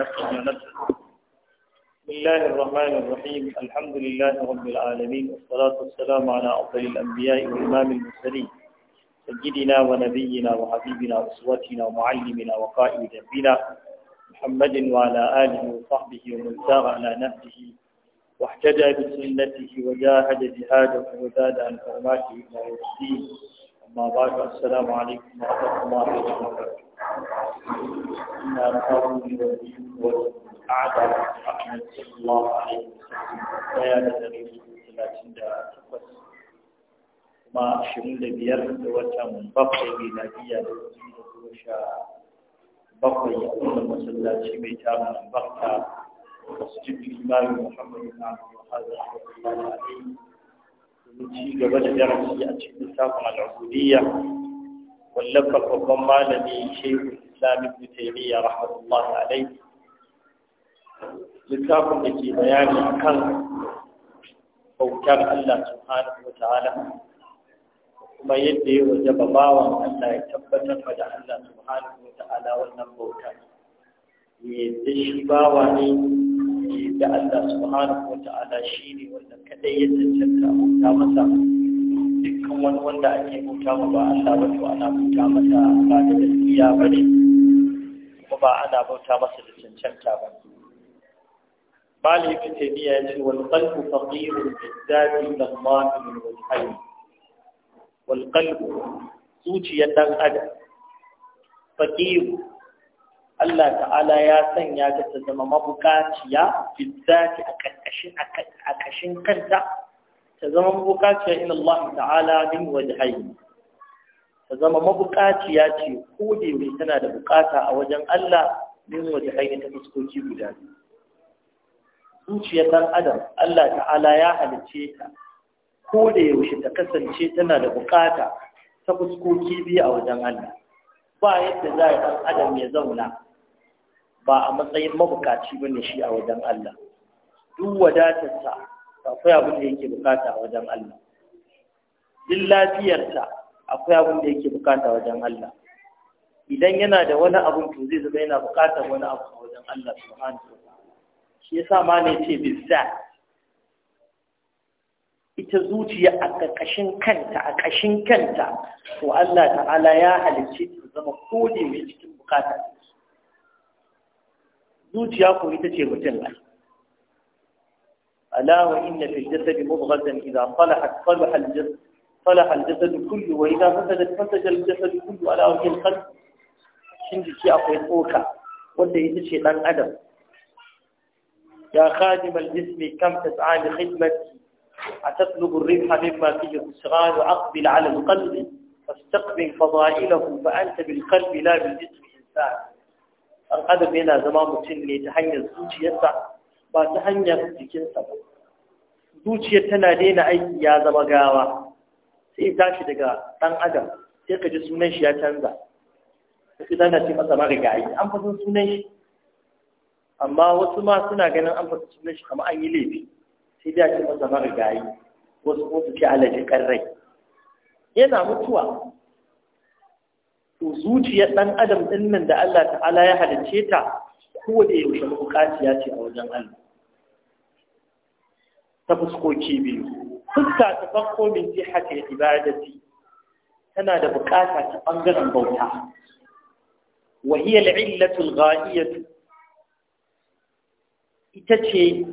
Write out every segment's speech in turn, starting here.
بسم الله الرحمن الرحيم الحمد لله رب العالمين والصلاة والسلام على أفضل الأنبياء وإمام المرسلين سيدنا ونبينا وحبيبنا وأسوتنا ومعلمنا وقائد ذنبنا محمد وعلى آله وصحبه ومن سار على نهجه واحتجى بسنته وجاهد جهاده وزاد عن حرماته إلى يوم الدين ما بعد السلام عليكم ورحمة الله وبركاته إن القوم والدين والأعداء أحمد صلى الله عليه وسلم بيان دليل ثلاثين تقص ما شمول بيار وتم بقي ميلادية وشاء بقي أول مسلاتي ميتام بقى مسجد الإمام محمد بن عبد الوهاب رحمة الله عليه ci gaba da darasi a cikin lissafin al'ubudiyya wallafa babban malami shehu islami ibn taymiya rahmatullah alaihi lissafin da ke bayani akan bautar Allah subhanahu wa ta'ala kuma yadda ya wajaba bawa Allah ya tabbatar da Allah subhanahu wa ta'ala wannan bautar yadda shi bawa ne da Allah subhanahu wata'ala shine wanda kadai ya cancanta bauta masa dukkan wani wanda ake bauta ma ba Allah ba to ana bauta masa ba da gaskiya ba ne kuma ba ana bauta masa da cancanta ba Malik Taymiya ya ce wal qalbu faqirun bizzati ila Allah min wajhayn wal qalbu zuciyar dan adam faqiru Allah ta'ala ya sanya ta ta zama mabukaciya bizzati a ƙarƙashin a ƙashin kanta ta zama mabukaciya ila Allah ta'ala min wajhayn ta zama mabukaciya ce ko da yake tana da bukata a wajen Allah min wajhayn ta fuskoki guda zuciyar dan adam Allah ta'ala ya halice ta ko da yaushe ta kasance tana da bukata ta fuskoki biyu a wajen Allah ba yadda za a ɗan adam ya zauna ba a matsayin mabukaci ba ne shi a wajen Allah duk wadatarsa akwai abin da yake bukata a wajen Allah duk lafiyarsa akwai abin da yake bukata a wajen Allah idan yana da wani abun to zai zama yana bukatar wani abu a wajen Allah subhanahu wa ta'ala shi yasa ma ne ce bizzat ita zuciya a ƙarƙashin kanta a ƙashin kanta to Allah ta'ala ya halicce ta zama kodi mai cikin bukatar zuciya ko ita ce ألا وإن في الجسد مضغة إذا صلحت صلح الجسد صلح الجسد كله وإذا فسدت فسد الجسد كله ألا وهي القلب شن شيء أقوي أوكا ولا يتشي لن أدم يا خادم الجسم كم تسعى لخدمتي أتطلب الربح مما فيه الصغار وأقبل على القلب فاستقبل فضائله فأنت بالقلب لا بالجسم إنسان an adam yana zama mutum ne ta hanyar zuciyarsa ba ta hanyar jikinsa ba zuciyar tana daina aiki ya zama gawa sai tashi daga ɗan adam sai ka ji sunan shi ya canza fi zana ce masa marigayi an fasin sunan shi amma wasu ma suna ganin an fasin sunan shi kamar an yi laifi sai dai a ce masa marigayi wasu kuma su ce alaji karrai yana mutuwa to zuciyar ɗan adam ɗinnan nan da Allah ta'ala ya halicce ta ko da yaushe bukaciya ce a wajen Allah ta fuskoki biyu fuska ta farko min jihati ibadati tana da bukata ta bangaren bauta wa hiya al-illatu al ita ce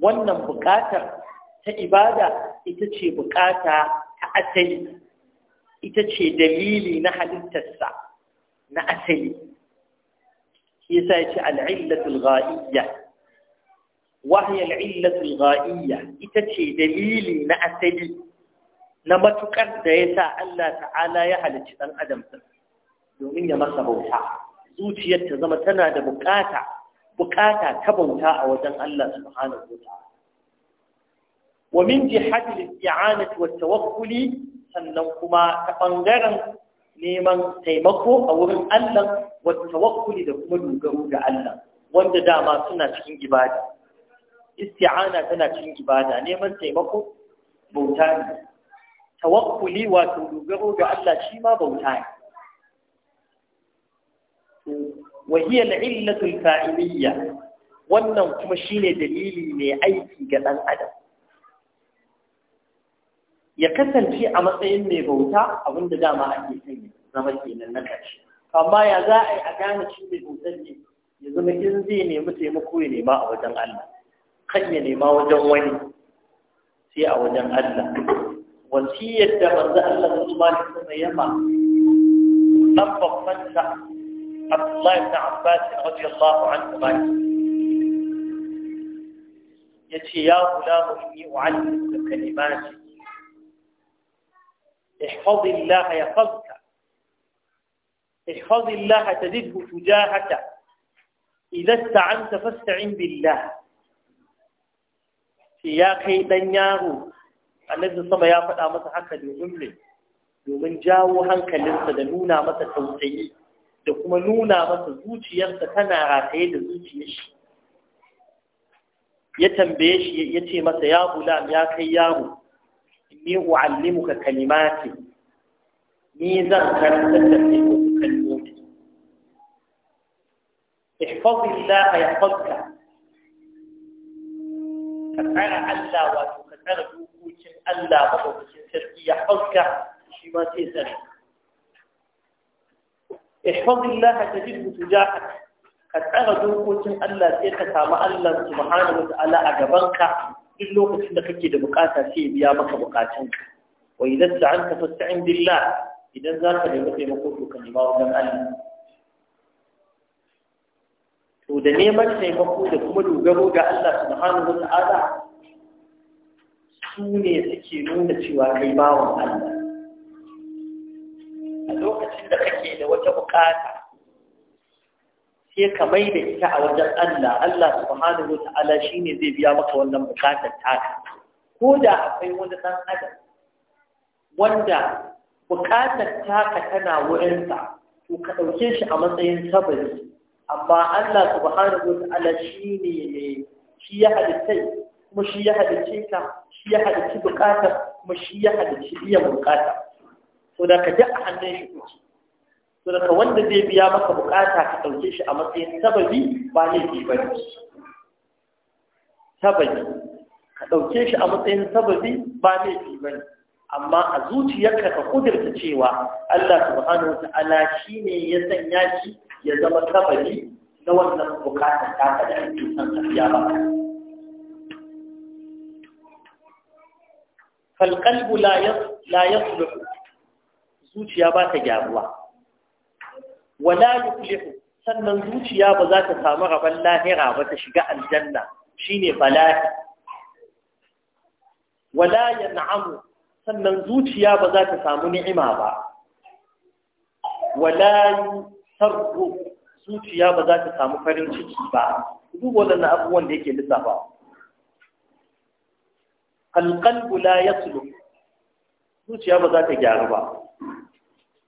wannan bukatar ta ibada ita ce bukata ta asali ita ce dalili na halittarsa na asali shi yasa ya ce al'illatul ghaiyya wahya al'illatul ghaiyya ita ce dalili na asali na matukar da yasa Allah ta'ala ya halicci ɗan adam din domin ya masa bauta zuciyar ta zama tana da buƙata bukata ta bauta a wajen Allah subhanahu wa wa min jihati al-i'anati wa tawakkuli sannan kuma ta bangaren neman taimako a wurin Allah wa tawakkuli da kuma dogaro ga Allah wanda dama suna cikin ibada isti'ana tana cikin ibada neman taimako bauta ne tawakkuli wato dogaro ga Allah shi ma bauta ne وهي العلة الفاعلية wannan kuma shine dalili ne aiki ga dan adam ya kasance a matsayin mai bauta abinda dama ake son zama kenan na ƙarshe amma ya za a yi a gane shi mai bautar ne ya zama in zai nemi taimako ya nema a wajen Allah kan ya nema wajen wani sai a wajen Allah wasiyar da manzo Allah Usman ibn Yamma dan babban sa Abdullah ibn Abbas radiyallahu anhu ba yace ya kula mu ni wa'alli kalimati احفظ الله يحفظك احفظ الله تجده تجاهك إذا استعنت فاستعن بالله يا كي دن يارو النبي صلى يا فدا masa haka domin ne domin jawo hankalinsa da nuna masa tausayi da kuma nuna masa zuciyarsa tana rataye da zuciyar shi ya tambaye shi ya ce masa ya gulam ya kai yaro ni u'allimuka kalimati ni zan karanta da kai kalmomi ihfazillah yahfazka ka tsara Allah wato ka tsara dokokin Allah madaukakin sarki ya hauka shi ma sai tsare ihfazillah tajidhu tujahak ka tsara dokokin Allah sai ka samu Allah subhanahu wa ta'ala a gabanka duk lokacin da kake da bukata sai ya biya maka bukatunka wa idan sa'anta fasta'in billah idan za ka nemi taimako to ka nema wajen Allah to da neman taimako da kuma dogaro ga Allah subhanahu wata'ala su ne suke nuna cewa kai bawan Allah a lokacin da kake da wata bukata sai ka mai da ita a wajen Allah Allah subhanahu ta'ala shine zai biya maka wannan bukatar taka ko da akwai wani ɗan adam wanda bukatar taka tana wurinsa to ka ɗauke shi a matsayin sabari amma Allah subhanahu ta'ala shi ne shi ya halittai, kuma shi ya halice ka shi ya bukatar kuma shi ya halici biyan bukata So, da ka ji a hannun shi kuci to daga wanda zai biya maka bukata ka ɗauke shi a matsayin sababi ba laifi ba ne sababi ka ɗauke shi a matsayin sababi ba laifi ba ne amma a zuciyarka ka kudurta cewa Allah subhanahu wa ta'ala ne ya sanya shi ya zama sababi na wannan bukatar ta ka da ake san tafiya ba فالقلب لا يصلح zuciya ba ta gyaruwa wala yuflihu sannan zuciya ba za ta samu rabon lahira ba ta shiga aljanna shine falahi wala yan'amu sannan zuciya ba za ta samu ni'ima ba wala sarru zuciya ba za ta samu farin ciki ba duk waɗannan abubuwan da yake lissafa alqalbu la yaslu zuciya ba za ta gyaru ba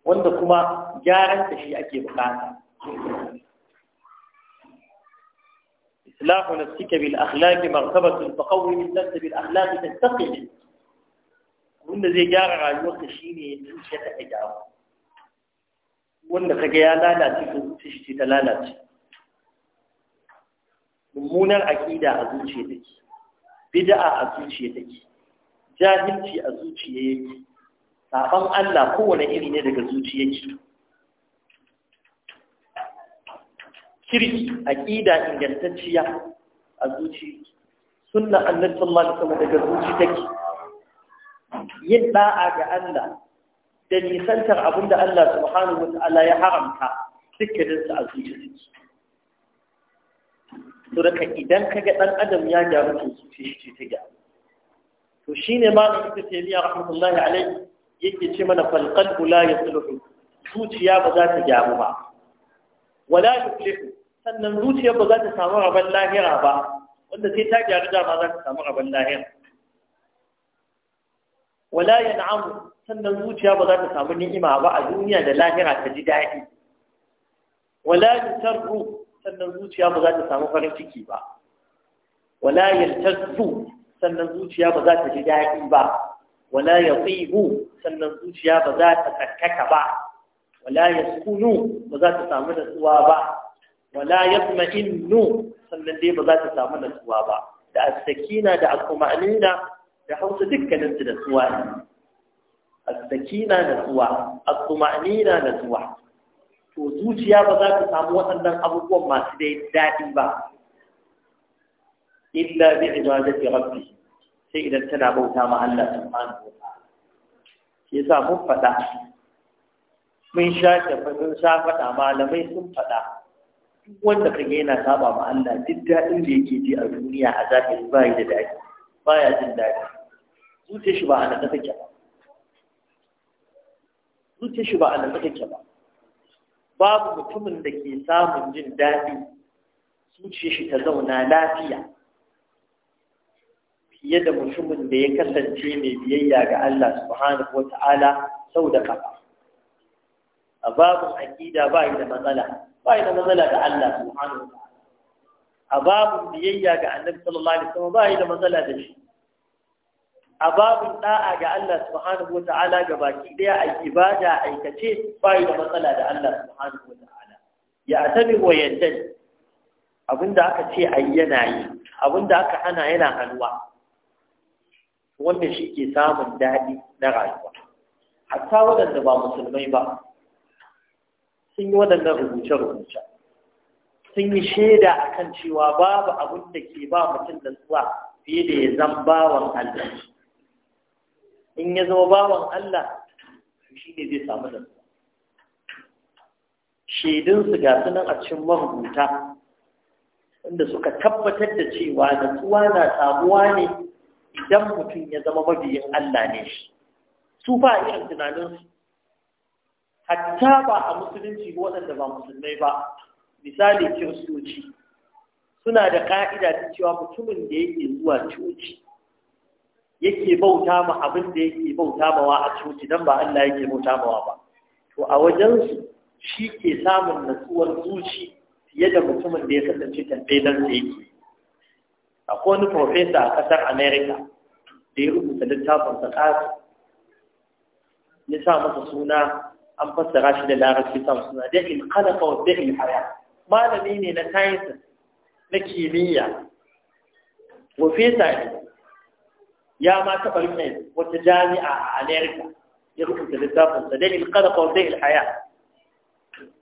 wanda kuma gyaran da shi ake bukata إصلاح نفسك بالأخلاق مرتبة min من نفسك بالأخلاق تتقي wanda zai gyara rayuwarka shi ne ya ta gyara wanda kaga ya lalace ko zuciya ce ta lalace mummunar aƙida a zuciya take bid'a a zuciya take jahilci a zuciya yake saban Allah kowane iri ne daga zuciya yake kirki ƙida ingantacciya a zuci suna annabi sallallahu daga zuci take yin ɗa'a ga Allah da nisantar abinda Allah subhanahu wataala ya haramta dukkanin a zuci suke. to daga idan kaga ɗan adam ya gyaru to zuci shi ta gyaru to shine ma ibnu taymiya rahmatullahi alaihi yake ce mana fal qalbu la yasluhu zuciya ba za ta gyaru ba wala yuflihu sannan zuciya ba za ta samu rabon lahira ba wanda sai ta gyaru dama za ta samu rabon lahira wala yan'amu sannan zuciya ba za ta samu ni'ima ba a duniya da lahira ta ji daɗi wala yutarru sannan zuciya ba za ta samu farin ciki ba wala yaltazzu sannan zuciya ba za ta ji daɗi ba wala yatibu sannan zuciya ba za ta tsakaka ba wala yaskunu ba za ta samu natsuwa ba wala ya innu sannan dai ba za ta samu natsuwa ba da as-sakina da al-tuma'nina da hausa dukkanin su natsuwa ne as-sakina natsuwa al-tuma'nina natsuwa to zuciya ba za ta samu waɗannan abubuwan masu dai daɗi ba illa bi ibadati rabbi sai idan tana bauta ma Allah subhanahu wa ta'ala yasa mun faɗa mun shafe mun sha faɗa malamai sun faɗa wanda kan yana saba ma Allah duk daɗin da yake ji a duniya a zahiri ba da daɗi ba ya jin daɗi Zuciya shi ba a nan take ba zuciya shi ba a nan take ba babu mutumin da ke samun jin daɗi zuciya shi ta zauna lafiya fiye da mutumin da ya kasance mai biyayya ga Allah subhanahu wata'ala sau da kafa a babin aƙida ba yi da matsala ba yi da matsala da Allah subhanahu wa a babin biyayya ga annabi sallallahu alaihi wasallam ba yi da matsala da shi a babin da'a ga Allah subhanahu wa ta'ala ga baki daya a ibada aikace ba yi da matsala da Allah subhanahu wa ta'ala ya atabi wa yadda abinda aka ce a yana yi abinda aka hana yana hannuwa Wannan shi ke samun daɗi na rayuwa hatta waɗanda ba musulmai ba sun yi waɗannan rubuce-rubuce sun yi shaida a kan cewa babu abin da ke ba mutum da tsuwa fiye da ya zan bawan Allah in ya zama bawan Allah shi ne zai samu da shaidunsu ga sunan a cikin marubuta inda suka tabbatar da cewa da tsuwa na samuwa ne idan mutum ya zama mabiyin Allah ne shi su fa irin tunaninsu hatta ba a musulunci waɗanda ba musulmai ba misali kiristoci suna da ka'ida ta cewa mutumin da yake zuwa coci yake bauta ma abin da yake bauta mawa a coci don ba Allah yake bauta mawa ba to a wajensu shi ke samun natsuwar zuci fiye da mutumin da ya kasance tambayar da yake akwai wani profesa a ƙasar Amerika da ya rubuta littafin sa ya sa masa suna an fassara shi da larabci sam suna da in kada ka da in haya malami ne na science na kimiyya professor ne ya ma taɓa rufe wata jami'a a Amerika ya rubuta littafin sa da in kada ka da in haya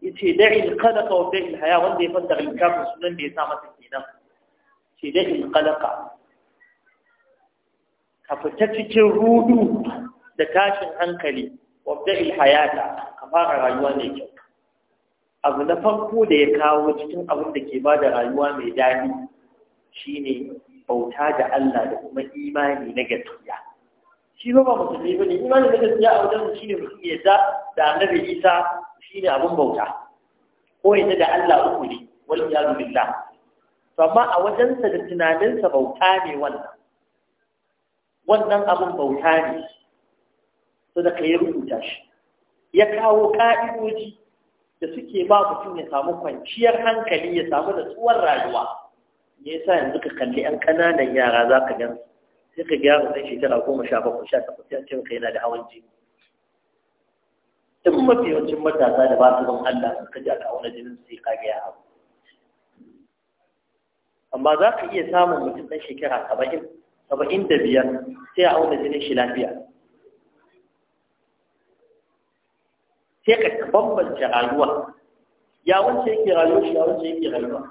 yace da in kada ka da in haya wanda ya fassara littafin sunan da ya sa masa kenan ce da in ka ka fita cikin rudu da tashin hankali wabda'il hayata ka fara rayuwa mai kyau abu na farko da ya kawo cikin abin da ke bada rayuwa mai daɗi shine bauta da Allah da kuma imani na gaskiya shi ba musulmi ba ne imani na gaskiya a wajen shine mutum ya da da annabi Isa shine abin bauta ko ya da Allah uku ne wal iyadu billah amma a wajensa da tunaninsa bauta ne wannan wannan abin bauta ne sadaka ya rubuta shi ya kawo ka'idoji da suke ba mutum ya samu kwanciyar hankali ya samu tsuwar rayuwa me sa yanzu ka kalli yan ƙananan yara za ka gan sai ka gyara sai shekara goma sha bakwai sha takwas ya ce yana da hawan jini duk mafi yawancin matasa da ba su don Allah suka ji aka auna jinin sai ka gaya ya amma za ka iya samun mutum ɗan shekara saba'in saba'in da biyar sai a auna jinin shi lafiya sai ka bambance rayuwa ya wance yake rayuwa shi ya wance yake rayuwa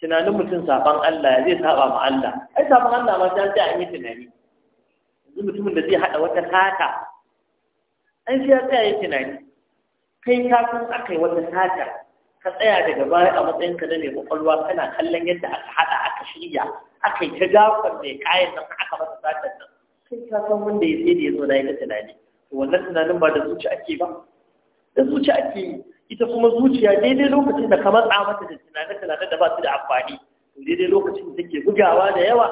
tunanin mutum saban Allah zai saba ma Allah ai saban Allah ma sai ta yi tunani yanzu mutumin da zai hada wata sata an sai ya tsaya tunani kai ka san akai wata sata ka tsaya daga baya a matsayin ka da mai kwakwalwa kana kallon yadda aka hada aka shirya aka yi ta jafar mai kayan nan aka masa satar nan kai ka san wanda ya sai da ya zo na yi tunani wannan tunanin ba da zuci ake ba da zuci ake yi ita kuma zuciya daidai lokacin da kamar matsa mata da tunanin tunanin da ba su da amfani daidai lokacin da take bugawa da yawa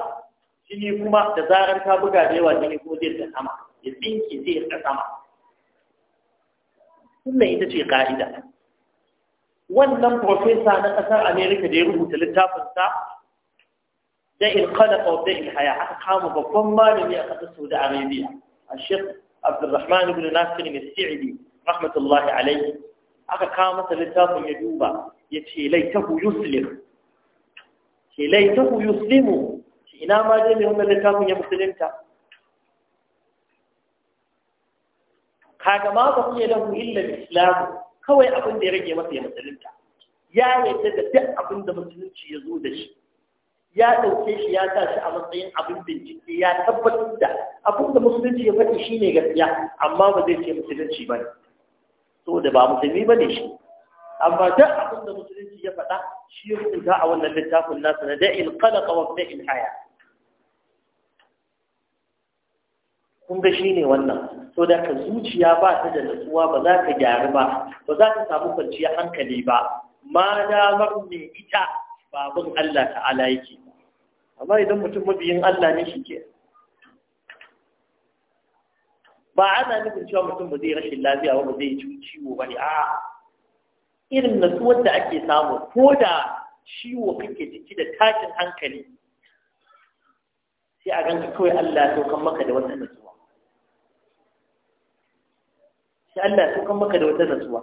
shi ne kuma da zarar ta buga da yawa shi ne kuma zai ta sama ya tsinke zai ta sama wannan ita ce ka'ida wannan profesa na ƙasar amerika da ya rubuta littafinsa da ilkala ƙautar ilhaya aka kama babban malami a ƙasar saudi arabia a shekaru Abdurrahman ibn Nasir al-Sa'idi rahmatullahi alayhi aka kawo masa littafin ya duba yace laitahu yuslim ce laitahu yuslimu ina ma dai mai wannan littafin ya musulunta kaga ma ba iya lahu illa islam kawai abin da ya rage masa ya musulunta ya yarda da duk abin da musulunci ya zo da shi ya ɗauke shi ya sa shi a matsayin abin bincike ya tabbatar da abin da musulunci ya faɗi shi ne gaskiya amma ba zai ce musulunci ba ne da ba musulmi ba ne shi amma duk abin da musulunci ya faɗa shi ya rubuta a wannan littafin nasa na da'il qalaqa wa da'il haya kun ga shi ne wannan so da ka zuciya ba ta da nutsuwa ba za ka gyaru ba ba za ka samu kwanciyar hankali ba ma damar ne ita babin Allah ta'ala yake amma idan mutum mabiyin Allah ne shi ke ba ana nufin cewa mutum ba zai rashin lafiya ba zai ci ciwo ba ne a irin natsuwar da ake samu ko da ciwo kake ciki da tashin hankali sai a ganka kawai Allah ya saukan maka da wata natsuwa sai Allah ya saukan maka da wata natsuwa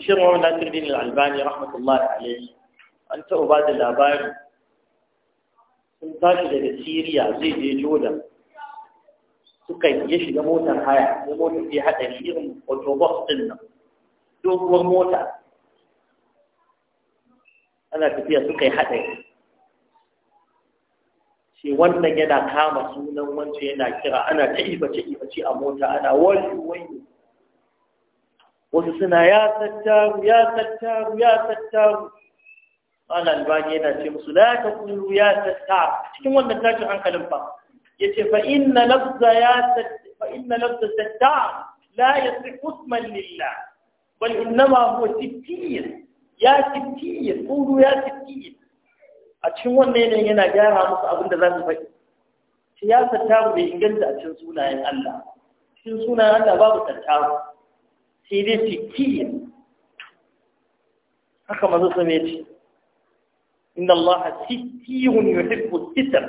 ashir wa nasir din al-albani rahmatullahi alayhi an taɓa ba da labari sun tashi daga siriya zai je jordan suka iya shiga motar haya ko motar ya haɗa irin autobus ɗin nan doguwar mota ana tafiya suka yi haɗari shi wannan yana kama sunan wancan yana kira ana ta ibace ibace a mota ana wani wani wasu suna ya tattaru ya tattaru ya tattaru ana albani yana ce musu la ta kulu ya tattaru cikin wannan tashin hankalin fa yace fa inna lafza ya fa inna lafza tattaru la yasih usman lillah bal innama huwa tittir ya tittir kulu ya tittir a cikin wannan yanayin yana gyara musu abin da za su faɗi Ya tattaru bai inganta a cikin sunayen Allah cikin sunayen Allah babu tattaru sai dai sikiyya haka manzo sama ya ce inna allaha sikkiyun yuhibbu sitr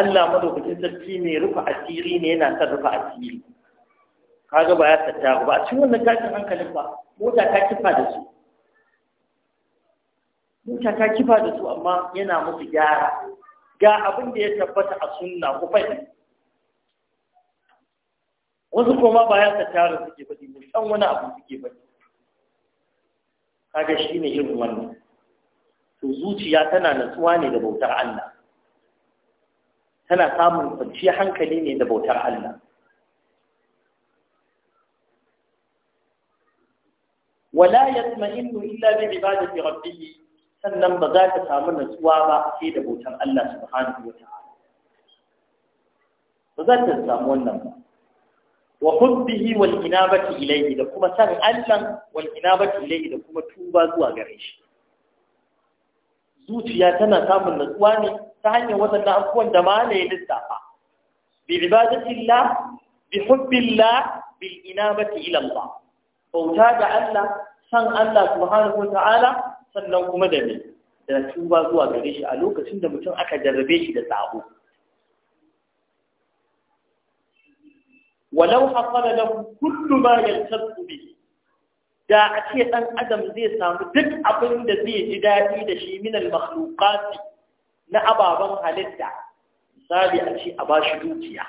Allah madaukakin sarki mai rufe asiri ne yana son rufe asiri kaga ba ya tatta ba a cikin wannan tashin hankalin ba mota ta kifa da su mota ta kifa da su amma yana musu gyara ga abin da ya tabbata a sunna ko fahimta wasu kuma ba ya tattara suke faɗi musan wani abu suke faɗi kaga ne irin wannan to zuciya tana natsuwa ne da bautar Allah tana samun kwanciyar hankali ne da bautar Allah wala yatma'innu illa bi ibadati rabbih sannan ba za ta samu natsuwa ba sai da bautar Allah subhanahu wa ta'ala ba za ta samu wannan ba wa hubbihi wal inabati ilayhi da kuma san Allah wal inabati ilayhi da kuma tuba zuwa gare shi zuciya tana samun natsuwa ne ta hanyar waɗannan abubuwan da ma ne lissafa bi ibadatillah bi hubbillah bil inabati ila Allah bauta ga Allah san Allah subhanahu wataala sannan kuma da ne da tuba zuwa gare shi a lokacin da mutum aka jarrabe shi da sabo walau hasala lahu kullu ma yaltaqu bihi da a ce ɗan adam zai samu duk abin da zai ji daɗi da shi minal makhlukati na ababen halitta misali a ce a ba shi dukiya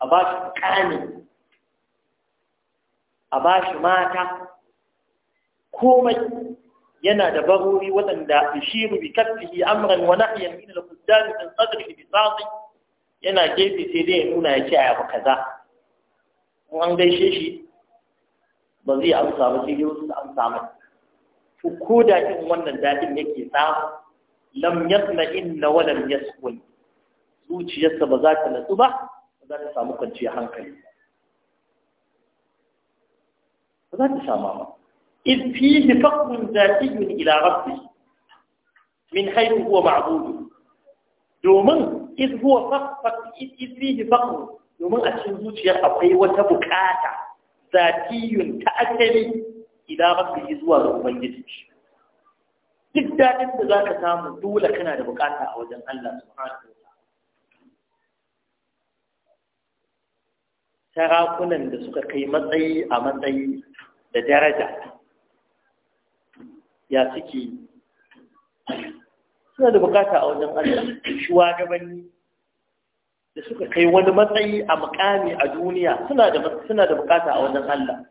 a ba shi ƙani a ba shi mata komai yana da barori waɗanda bishiru bi kaffihi amran wa nahyan min al-quddam min sadrihi bi yana gefe sai dai ya nuna ya ce a kaza Wan gaishe shi ba zai amsa ba sai dai wasu amsa mai ku ko da in wannan dadin yake samu lam yasna inna wa lam yaskun zuciyarsa ba za ta natsu ba ba za ta samu kwanciyar hankali ba za ta sama ba إذ فيه فقر ذاتي إلى ربه min حيث هو معبود دوما إذ هو فقر إذ domin a cikin zuciyar akwai wata bukata zatiyun ta asali idan yi zuwa ga ubangiji duk daɗin da ka samu dole kana da bukata a wajen Allah subhanahu sarakunan da suka kai matsayi a matsayi da daraja ya suke suna da bukata a wajen Allah shugabanni da suka kai wani matsayi a mukami a duniya suna da bukata a wajen Allah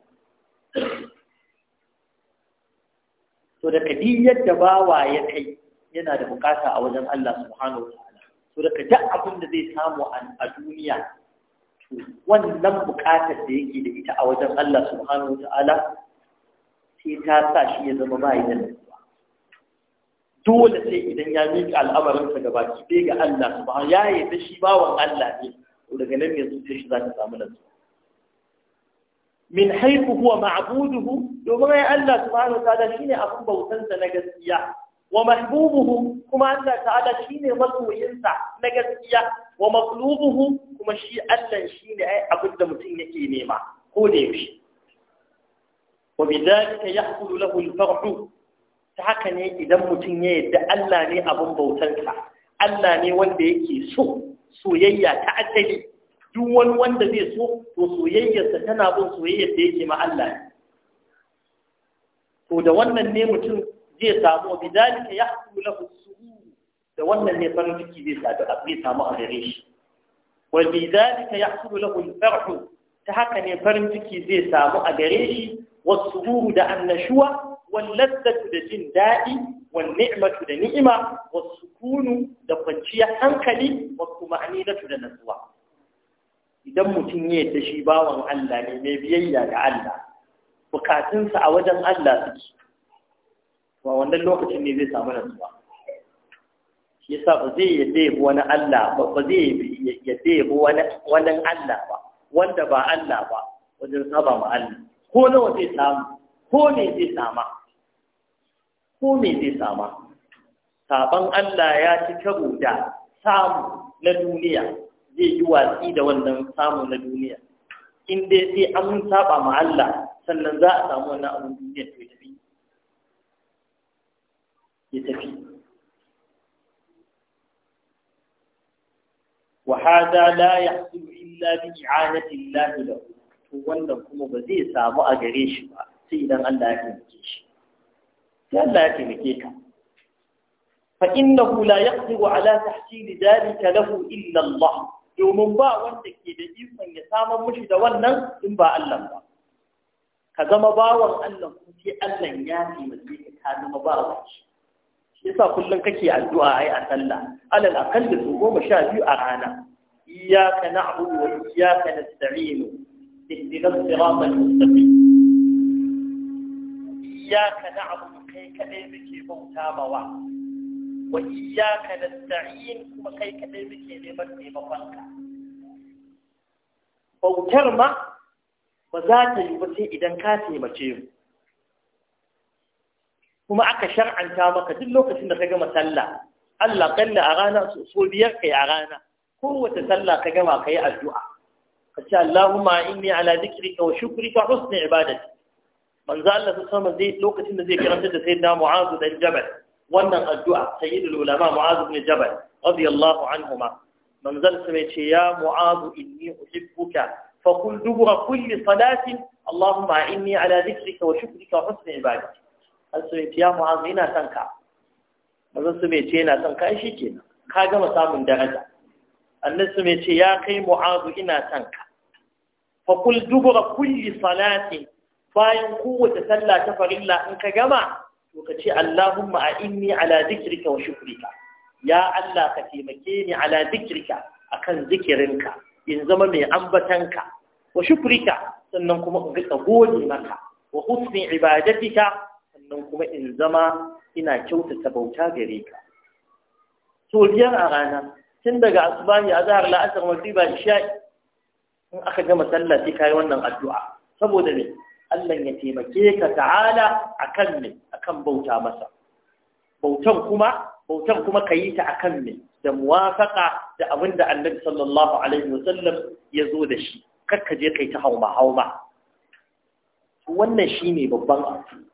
to da kadi yadda bawa ya kai yana da bukata a wajen Allah subhanahu wa ta'ala to da kadi abin da zai samu a duniya to wannan bukatar da yake da ita a wajen Allah subhanahu wa ta'ala sai ta sa shi ya zama bai da dole sai idan ya miƙa al'amarinsa ga baki daga ga Allah subhanahu ya yarda shi bawan Allah ne to daga nan ne zuciyar shi za ta samu nasuwa min haifu huwa ma'buduhu domin ai Allah subhanahu ta'ala shine abin bautansa na gaskiya wa mahbubuhu kuma Allah ta'ala shine masoyinsa na gaskiya wa maqlubuhu kuma shi Allah shine ai abin da mutum yake nema ko da yaushe wa bidalika yahsulu lahu al-farhu ta haka ne idan mutum ya yadda Allah ne abin bautansa Allah ne wanda yake so soyayya ta asali duk wani wanda zai so to soyayyarsa tana bin soyayyar da yake ma Allah ne to da wannan ne mutum zai samu bidalika yahdu lahu suhur da wannan ne farin ciki zai sadu a zai samu a gare shi wa bidalika yahdu lahu al-farhu ta haka ne farin ciki zai samu a gare shi wasu da annashuwa wallazzatu da jin daɗi wan ni'matu da ni'ima wasukunu da kwanciyar hankali wasma'anidatu da natsuwa idan mutum ya yadda shi bawan Allah ne mai biyayya ga Allah bukatunsa a wajen Allah suke Ba wannan lokacin ne zai samu natsuwa shi yasa ba zai yadda yabi wani Allah ba ba zai yadda yabi wani wani Allah ba wanda ba Allah ba wajen saba ma Allah ko nawa zai samu ko ne zai sama ko me zai sama saban Allah ya ci karo da samu na duniya zai yi watsi da wannan samu na duniya in dai sai an saba ma Allah sannan za a samu wannan abun duniya to tafi ya tafi wa hada la yahsul illa bi i'anati Allah lahu to wannan kuma ba zai samu a gare shi ba sai idan Allah ya taimake shi لا يتمكيك فإنه لا يقدر على تحسين ذلك له إلا الله يوم با وانتك يدئيس من يسام مشد وانا انباء اللهم كذا مباور أنه في أن ياتي مزيك كان مباور يسا كل من كي الدعاء أتى الله على الأقل هو مشاهد أرانا إياك نعبد وإياك نستعين اهدنا الصراط المستقيم إياك نعبد kai kadai muke bauta mawa wa iyyaka nasta'in kuma kai kadai muke neman taimakonka bautar ma ba za ta yi ba sai idan ka taimace mu kuma aka shar'anta maka duk lokacin da ka gama sallah Allah kalla a rana so biyar kai a rana kowace sallah ka gama kai addu'a ka ce Allahumma inni ala dhikrika wa shukrika husni ibadati manzo Allah sama zai lokacin da zai karanta da sayyidina Mu'az bin Jabal wannan addu'a sayyidul ulama Mu'az bin Jabal radiyallahu anhuma manzo sama ya ce ya Mu'az inni uhibbuka fa qul dubra kulli salatin Allahumma inni ala dhikrika wa shukrika wa husni ibadati sai ya ce ya Mu'az ina son ka manzo sama ce ina son ka shi kenan ka gama samun daraja annabi sama ya ce ya kai Mu'az ina son ka fa qul dubra kulli salatin bayan kowace sallah ta farilla in ka gama to ka ce Allahumma a inni ala zikrika wa shukrika ya Allah ka taimake ni ala zikrika akan zikirinka in zama mai ambatanka wa shukrika sannan kuma in rika gode maka wa husni ibadatika sannan kuma in zama ina kyautata bauta gare ka to a rana tun daga asubahi a zahar la'asar magriba isha'i in aka gama sallah sai kai wannan addu'a saboda ne Allah ya taimake ka ta'ala akan akan bauta masa bautan kuma bautan kuma kayi ta akan ne da muwafaka da abin da annabi sallallahu alaihi wasallam ya zo da shi kar ka je kai ta hauma hauma wannan shine babban abu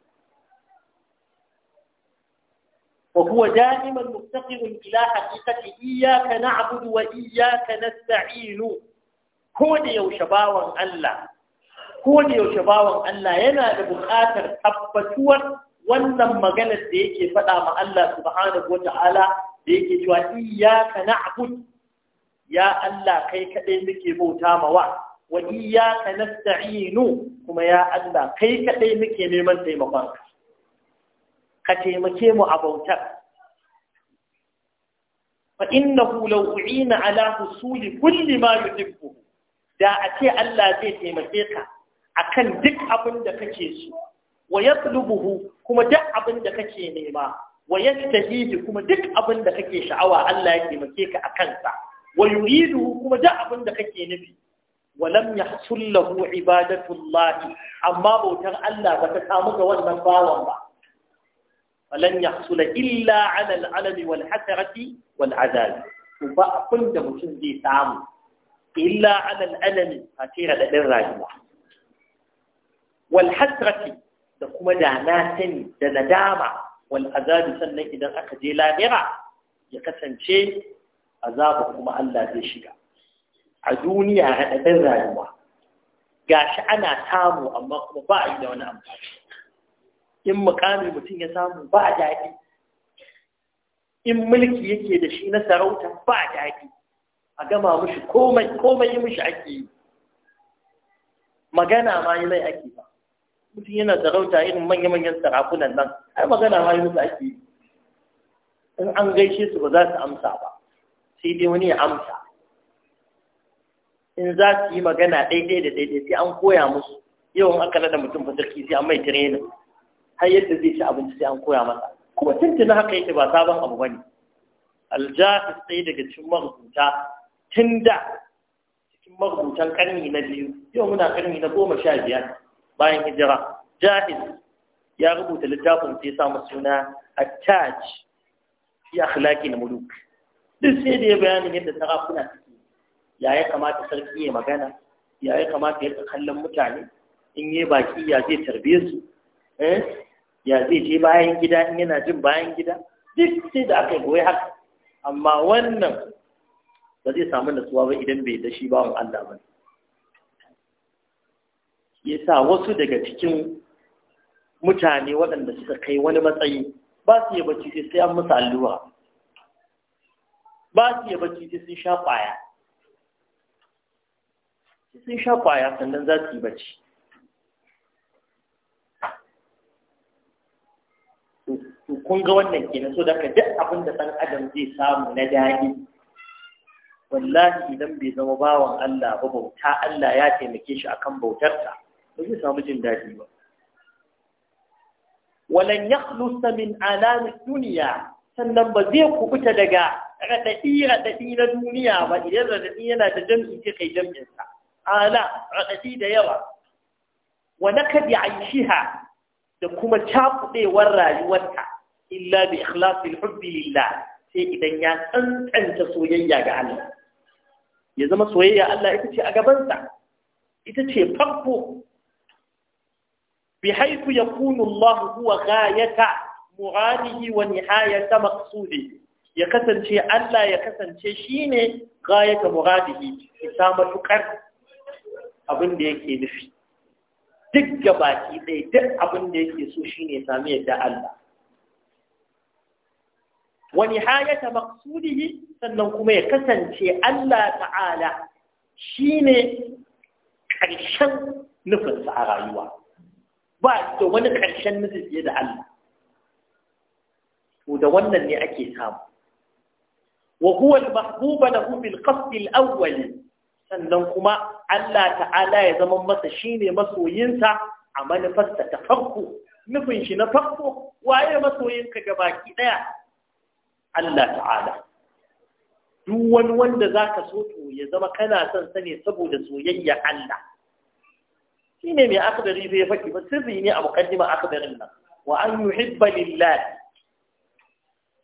وهو دائما مفتقر إلى حقيقة إياك na وإياك ko da yaushe يوشباوا Allah. ko da yaushe bawan Allah yana da buƙatar tabbatuwar wannan maganar da yake faɗa ma Allah subhanahu wata'ala da yake cewa iyyaka na'bud ya Allah kai kaɗai muke bauta ma wa iyyaka nasta'inu kuma ya Allah kai kaɗai muke neman taimakonka ka taimake mu a bautar fa innahu law u'ina ala husuli kulli ma yuhibbu da a ce Allah zai taimake ka akan duk abin da kake so wa yatlubuhu kuma duk abin da kake nema wa tahidi kuma duk abin da kake sha'awa Allah ya taimake ka a kansa, wa yuridu kuma duk abin da kake nufi wa lam yahsul lahu ibadatullah amma bautar Allah ba ta samu ga wannan bawan ba falan yahsula illa ala al wal hasarati wal azab ba abin da mutum zai samu illa ala al a da din rayuwa wal da kuma da na sani da nadama wal azabi sannan idan aka je lahira ya kasance azaba kuma Allah zai shiga a duniya haɗaɗɗen rayuwa gashi ana samu amma kuma ba a yi da wani amfani in mukami mutum ya samu ba daɗi in mulki yake da shi na sarauta ba daɗi a gama mushi komai komai yi mushi ake magana ma yi mai ake ba mutum yana sarauta irin manya-manyan sarakunan nan ai magana ma yi musu ake yi in an gaishe su ba za su amsa ba sai dai wani ya amsa in za su yi magana daidai da daidai sai an koya musu yawan aka da mutum ba sarki sai an mai tirenin har yadda zai ci abinci sai an koya masa kuma tuntuna haka yake ba sabon abu bane aljahis sai daga cikin marubuta tun da cikin marubutan karni na biyu yau muna karni na goma sha biyar bayan hijira jahil ya rubuta littafin sai ya samu suna attach fi na muluk duk sai da ya bayani yadda sarakuna suke ya yi kamata sarki ya magana ya yi kamata ya kallon mutane in yi baki ya zai tarbe su eh? ya zai je bayan gida in yana jin bayan gida duk sai da aka goyi haka amma wannan ba zai samu nasuwa ba idan bai da shi bawan Allah ba ya sa wasu daga cikin mutane waɗanda suka kai wani matsayi ba su yi bacci sai an musu alluwa ba su yi bacci sai sun sha ƙwaya sun sha ƙwaya sannan za su yi bacci kun ga wannan na so da ka duk abin da ɗan adam zai samu na daɗi wallahi idan bai zama bawan Allah ba bauta Allah ya taimake shi akan bautarsa ba zai samu jin daɗi ba walan yakhlusa min alam duniya sannan ba zai kubuta daga raɗaɗi raɗaɗi na duniya ba idan raɗaɗi yana da jam'i ce kai jam'in sa ala raɗaɗi da yawa wa nakadi aishiha da kuma cakuɗewar rayuwarta illa bi ikhlasil hubbi lillah sai idan ya tsantsanta soyayya ga Allah ya zama soyayya Allah ita ce a gabansa ita ce farko بحيث يكون الله هو غاية مراده ونهاية مقصوده يكسن شيء ألا يكسن شيء شيني غاية مراده إسامة كر abin da yake nufi duk gabaki ɗaya duk abin da yake so shine sami yadda Allah wa nihayata maqsudihi sannan kuma ya kasance Allah ta'ala shine ƙarshen nufinsa a rayuwa ba da wani ƙarshen miji fiye da Allah to da wannan ne ake samu wa huwa al-mahbuba lahu bil qasd al-awwal sannan kuma Allah ta'ala ya zama masa shine masoyinsa a manufarsa ta farko nufin shi na farko waye masoyinka gabaki daya Allah ta'ala duk wani wanda zaka so to ya zama kana son sa ne saboda soyayya Allah shine mai akhdari bai faɗi ba sirri ne a muqaddima akhdarin nan wa an yuhibba lillahi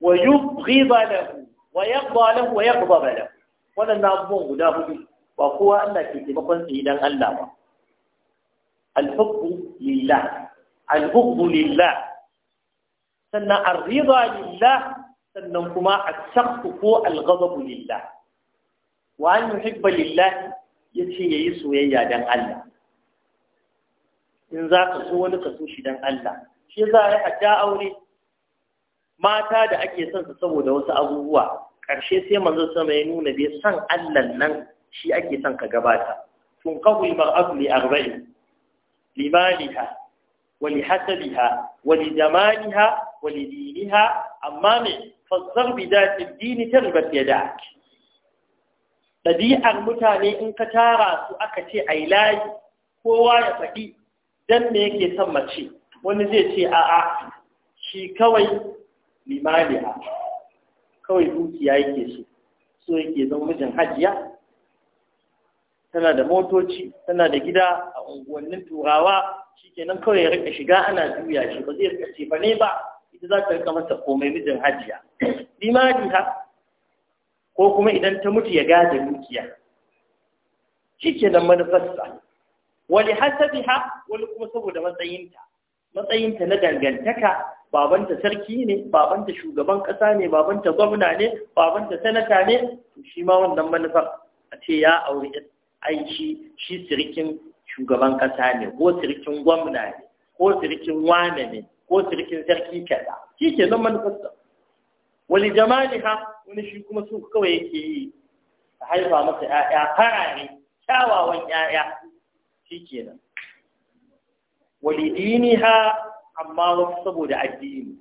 wa yubghida ku, wa yaqda lahu wa yaghdab lahu wannan abubuwan guda hudu ba kowa Allah ke taimakon sa idan Allah ba al-hubbu lillah al-hubbu lillah sannan ar-ridha lillah sannan kuma as-sakhu ko al lillah wa an yuhibba lillah yace yayi soyayya dan Allah in za ka so wani ka so shi dan Allah shi za a yi hadda aure mata da ake son su saboda wasu abubuwa ƙarshe sai manzo sama ya nuna bai son Allah nan shi ake son ka gabata tun qawli mar'atu ne arba'in limaliha wa hasabiha wani jamaniha, wani diniha amma me fazzar bi dati dini tarbat yadak ɗabi'ar mutane in ka tara su aka ce ai layi kowa ya faɗi dan me yake son mace wani zai ce a'a shi kawai limaliya kawai dukiya yake so so yake zama mijin hajiya tana da motoci tana da gida a unguwannin turawa shikenan kawai ya rika shiga ana juya shi ba zai rika ce ba ne ba ita za ta rika masa komai mijin hajiya limani ko kuma idan ta mutu ya gada dukiya shikenan manufarsa Wani hasabi ha, wani kuma saboda matsayinta matsayinta na dangantaka babanta sarki ne babanta shugaban kasa ne babanta gwamna ne babanta sanata ne to shi ma wannan manufar a ce ya aure ai shi shi sirkin shugaban kasa ne ko sirkin gwamna ne ko sirkin wane ne ko sirkin sarki kaza shi ke nan manufarsa wani ha wani shi kuma su kawai yake yi A haifa masa 'ya'ya ne kyawawan 'ya'ya shikenan ha, amma wasu saboda addini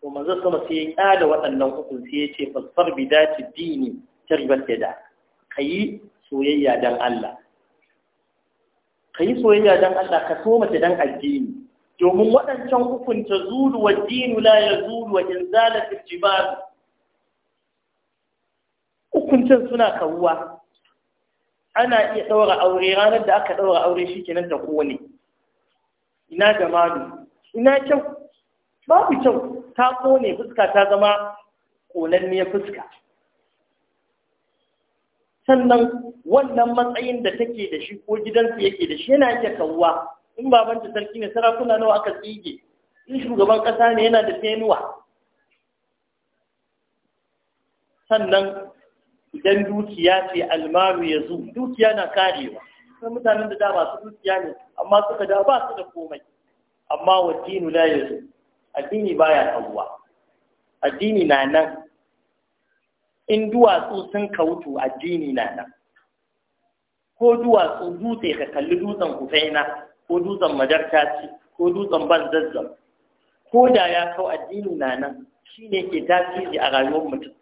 to manzo sama sai ya kyale waɗannan hukun sai ya ce fasfar bidati dini da yada kayi soyayya dan Allah kayi soyayya dan Allah ka so mace dan addini domin waɗancan hukun ta zulu wa dinu la yazulu wa inzala fil jibal hukuncin suna kawuwa ana iya ɗaura aure ranar da aka ɗaura aure shi kenan ta kone ina malu ina kyau babu kyau ta kone fuska ta zama ƙonanniyar fuska sannan wannan matsayin da take da shi ko gidansu yake da shi yana iya kawwa in babanta sarki ne sarakuna nawa aka tsige in shugaban ƙasa ne yana da tenuwa sannan idan dukiya ce almaru ya zo dukiya na karewa sun mutanen da dama su dukiya ne amma suka da ba su da komai amma wa dinu la ya zo addini baya kawuwa addini na nan in duwatsu sun kautu addini na nan ko duwatsu dutse ka kalli dutsen kufaina ko dutsen ce ko dutsen ban zazzab ko da ya kau addini na nan shine ke tasiri a rayuwar mutum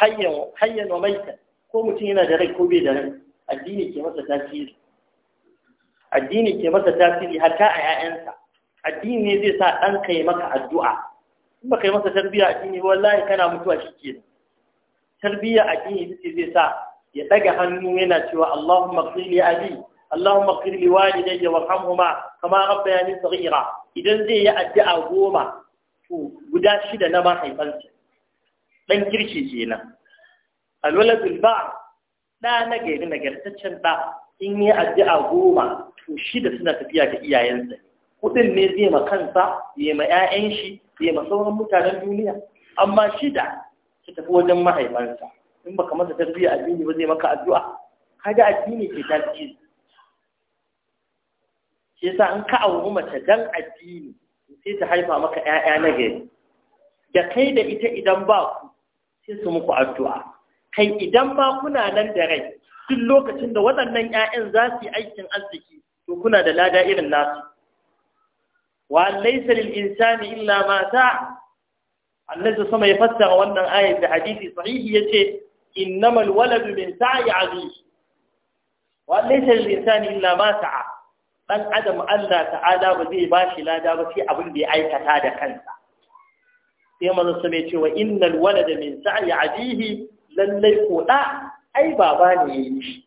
Hanyar wa maita ko mutum yana da rai ko bai da rai addini ke masa tasiri addini ke masa tasiri hatta a 'ya'yansa addini ne zai sa ɗanka ya maka addu'a in baka yi masa tarbiyya addini wallahi kana mutuwa shi ke tarbiyya addini ita zai sa ya ɗaga hannu yana cewa Allahumma qili abi Allahumma qili walidayya warhamhuma kama rabbayani saghira idan zai yi addu'a goma to guda shida na mahaifansa dan kirki kenan alwalatul ba da na gari nagartaccen da in yi addu'a goma to shida suna tafiya ga iyayensa kudin ne zai ma kansa zai ma 'ya'yan shi zai ma sauran mutanen duniya amma shida su tafi wajen mahaifansa in baka masa tarbiyya addini ba zai maka addu'a kaga addini ke tasiri shi yasa in ka auri mace dan addini sai ta haifa maka 'ya'ya na gari da kai da ita idan ba ku sai su muku addu'a kai idan ba kuna nan da rai duk lokacin da waɗannan ‘ya'yan za su yi aikin arziki to kuna da lada irin nasu wa laisa lil insani illa ma sa annabi sama ya fassara wannan ayat da hadisi sahihi yace innamal waladu min sa'i abihi wa laisa lil insani illa ma sa'a dan adam Allah ta'ala ba zai bashi lada ba sai abin da ya aikata da kansa sai manzo sai ya ce wa innal walada min sa'i abihi lallai ko da ai baba ne yayi shi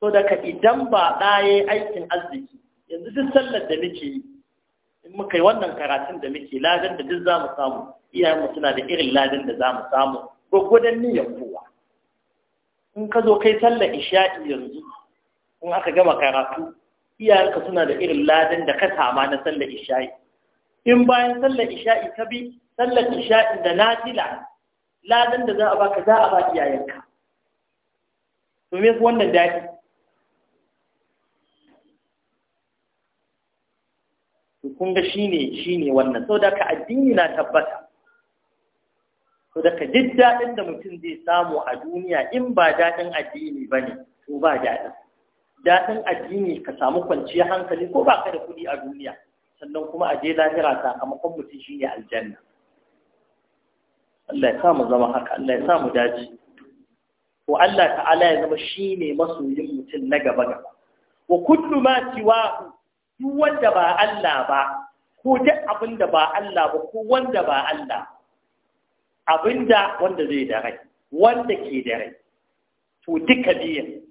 to daga idan ba da yayi aikin arziki yanzu duk sallar da muke yi in muka yi wannan karatun da muke ladan da duk zamu samu iyayenmu suna da irin ladan da zamu samu gwaggwadon niyyar kowa in ka zo kai sallar isha'i yanzu in aka gama karatu iyayenka suna da irin ladan da ka sama na sallar isha'i in bayan sallar isha'i ta bi sallar isha'i da nafila ladan da za a baka za a ba iyayenka to me su wannan dadi to kun ga shine shine wannan saboda ka addini na tabbata saboda ka duk da mutum zai samu a duniya in ba daɗin addini ba ne to ba daɗin daɗin addini ka samu kwanciyar hankali ko ba ka da kuɗi a duniya sannan kuma a je lahira sakamakon mutum shi ne aljanna Allah ya sa mu zama haka Allah ya sa mu daji. ko Allah ta'ala ya zama shi ne masoyin mutum na gaba gaba wa kullu ma siwa duk wanda ba Allah ba ko duk abin da ba Allah ba ko wanda ba Allah abinda wanda zai da rai wanda ke da rai to duka biyan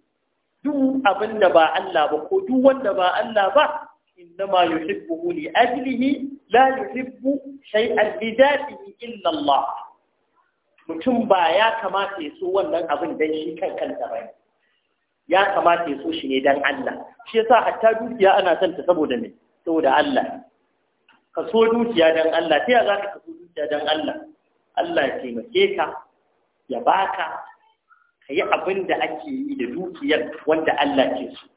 duk abin da ba Allah ba ko duk wanda ba Allah ba إنما يحبه لأجله لا يحب شيئا لذاته إلا الله mutum ba ya kamata ya so wannan abin dan shi kan kanta ba ya kamata ya so shi ne dan Allah shi yasa hatta dukiya ana son ta saboda me saboda Allah ka so dukiya dan Allah Sai ya za ka so dukiya dan Allah Allah ya taimake ka ya baka ka yi abin da ake yi da dukiyar wanda Allah ke so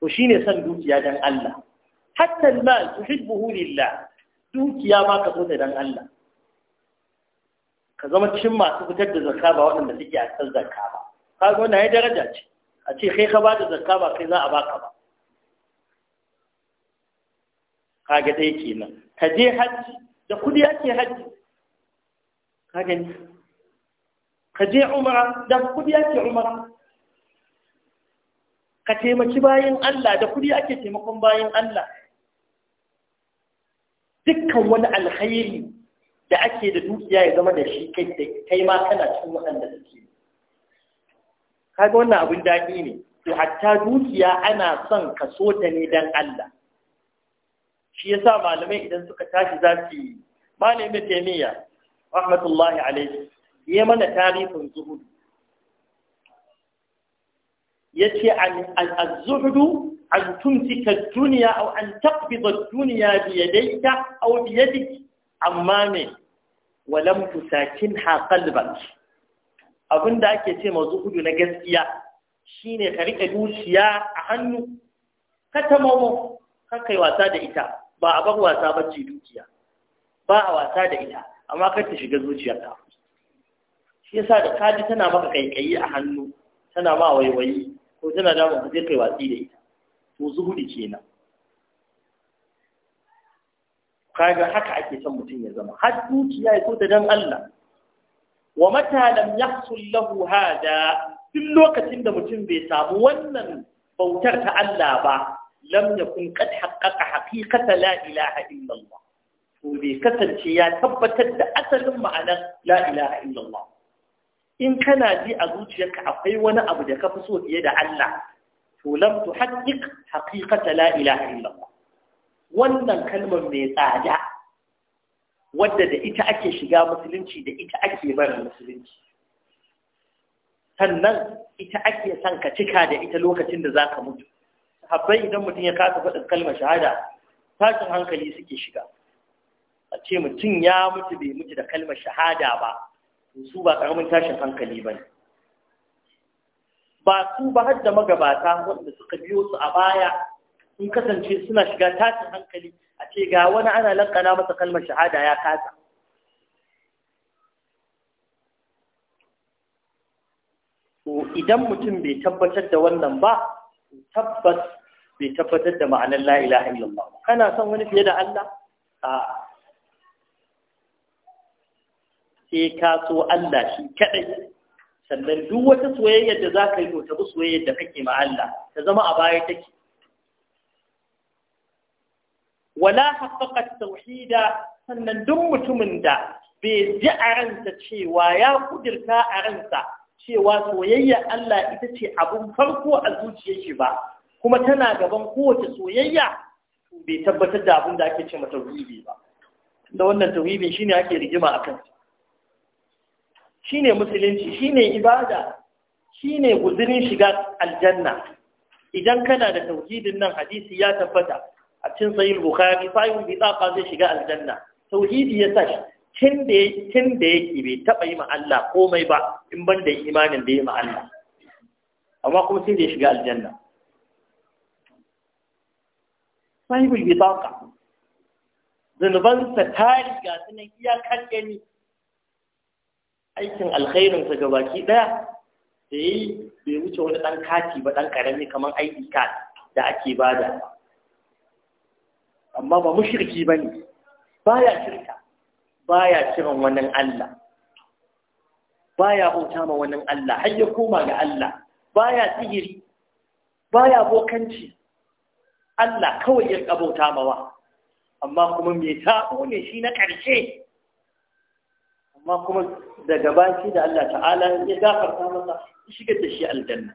to shine san dukiya dan Allah hatta ma mal tuhibbuhu lillah dukiya ma ka so ta dan Allah ka zama cikin masu fitar da zakka ba waɗanda suke a kan zakka ba kaga wannan ya daraja ce a ce kai ka bada zakka ba kai za a baka ba ga dai kenan ka je hajji da kudi ake hajji kaga ni ka je umara da kudi ake umara ka taimaki bayan Allah da kuɗi ake taimakon bayan Allah dukkan wani alkhairi da ake da dukiya ya zama da shi kai da kai ma kana cikin waɗanda suke kaga wannan abin daɗi ne to hatta dukiya ana son ka so ta ne dan Allah shi yasa malamai idan suka tashi za su yi malamin taymiya rahmatullahi alaihi ya mana tarihin zuhud yace an az an tumsika ad-dunya an taqbida ad-dunya dai ta aw bi amma me walam tusakinha qalbak abinda ake ce ma na gaskiya shine ka riƙe dukiya a hannu ka tamamo ka kai wasa da ita ba a bar wasa bacci dukiya ba a wasa da ita amma kar ta shiga zuciyarka shi yasa da kaji tana maka kaikayi a hannu tana ma waiwayi ko tana damun ka sai kai watsi da ita to zuhudi kenan kaga haka ake son mutum ya zama har dukiya ya so dan Allah wa mata lam yahsul lahu hada duk lokacin da mutum bai samu wannan bautar ta Allah ba lam yakun qad haqqaqa haqiqata la ilaha illa Allah to bai kasance ya tabbatar da asalin ma'anar la ilaha illa Allah in kana ji a zuciyarka akwai wani abu da ka fi so fiye da Allah to lam tuhaqqiq haqiqata la ilaha illallah wannan kalmar mai tsada wadda da ita ake shiga musulunci da ita ake bar musulunci sannan ita ake son ka cika da ita lokacin da zaka mutu habbai idan mutum ya kasa faɗin kalmar shahada tashin hankali suke shiga a ce mutum ya mutu bai mutu da kalmar shahada ba su ba karamin tashin hankali ba ne ba su ba har da magabata wanda suka biyo su a baya sun kasance suna shiga tashin hankali a ce ga wani ana lankana masa kalmar shahada ya kasa idan mutum bai tabbatar da wannan ba tabbas bai tabbatar da ma'anar Lailaha ilaha kana son wani fiye da Allah a sai ka so Allah shi kadai sannan duk wata soyayyar da za ka yi ta bi soyayya da kake ma Allah ta zama a baya take wala haqqaqat tauhida sannan duk mutumin da bai ji a ransa cewa ya kudirta a ransa cewa soyayya Allah ita ce abun farko a zuciyar shi ba kuma tana gaban kowace soyayya bai tabbatar da abin da ake ce mata ba da wannan tauhidin shine ake rigima akan sa shine musulunci shine ibada shine guzurin shiga aljanna idan kana da tauhidin nan hadisi ya tabbata a cikin sahih bukhari bi bitaqa zai shiga aljanna tauhidi ya sa shi tun da tun da yake bai taba yi ma Allah komai ba in ban da imanin da yi ma Allah amma kuma sai da shiga aljanna sahih bitaqa zunubansa tari ga sunan iyakar gani aikin alkhairinsa ga baki ɗaya da yi bai wuce wani ɗan kati ba ɗan ƙarami kamar aiki ka e da ake bada amma ba shirki ba ne Ba ya shirka ba ya kiran wani Allah baya bauta ma wani Allah har ya koma ga Allah ba baya sihiri ya bokanci Allah kawai ya bauta mawa amma kuma mai ta ne shi na ƙarshe ma kuma daga baki da Allah ta'ala ya gafarta masa shigar da shi aljanna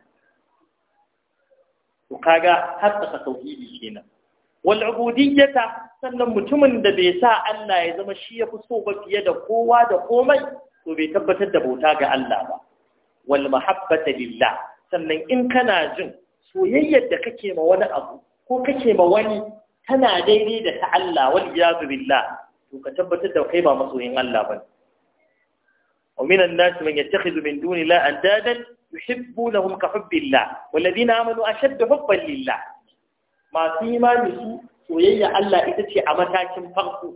to kaga har ta tauhidi kenan wal ubudiyyata sannan mutumin da bai sa Allah ya zama shi ya fi so ba fiye da kowa da komai to bai tabbatar da bauta ga Allah ba wal mahabbata lillah sannan in kana jin soyayyar da kake ma wani abu ko kake ma wani tana daidai da ta Allah wal iyazu billah to ka tabbatar da kai ba masoyin Allah ba ومن الناس من يتخذ من دون الله أندادا يحبونهم كحب الله والذين آمنوا أشد حبا لله ما فيما نسو soyayya Allah ita ce a matakin farko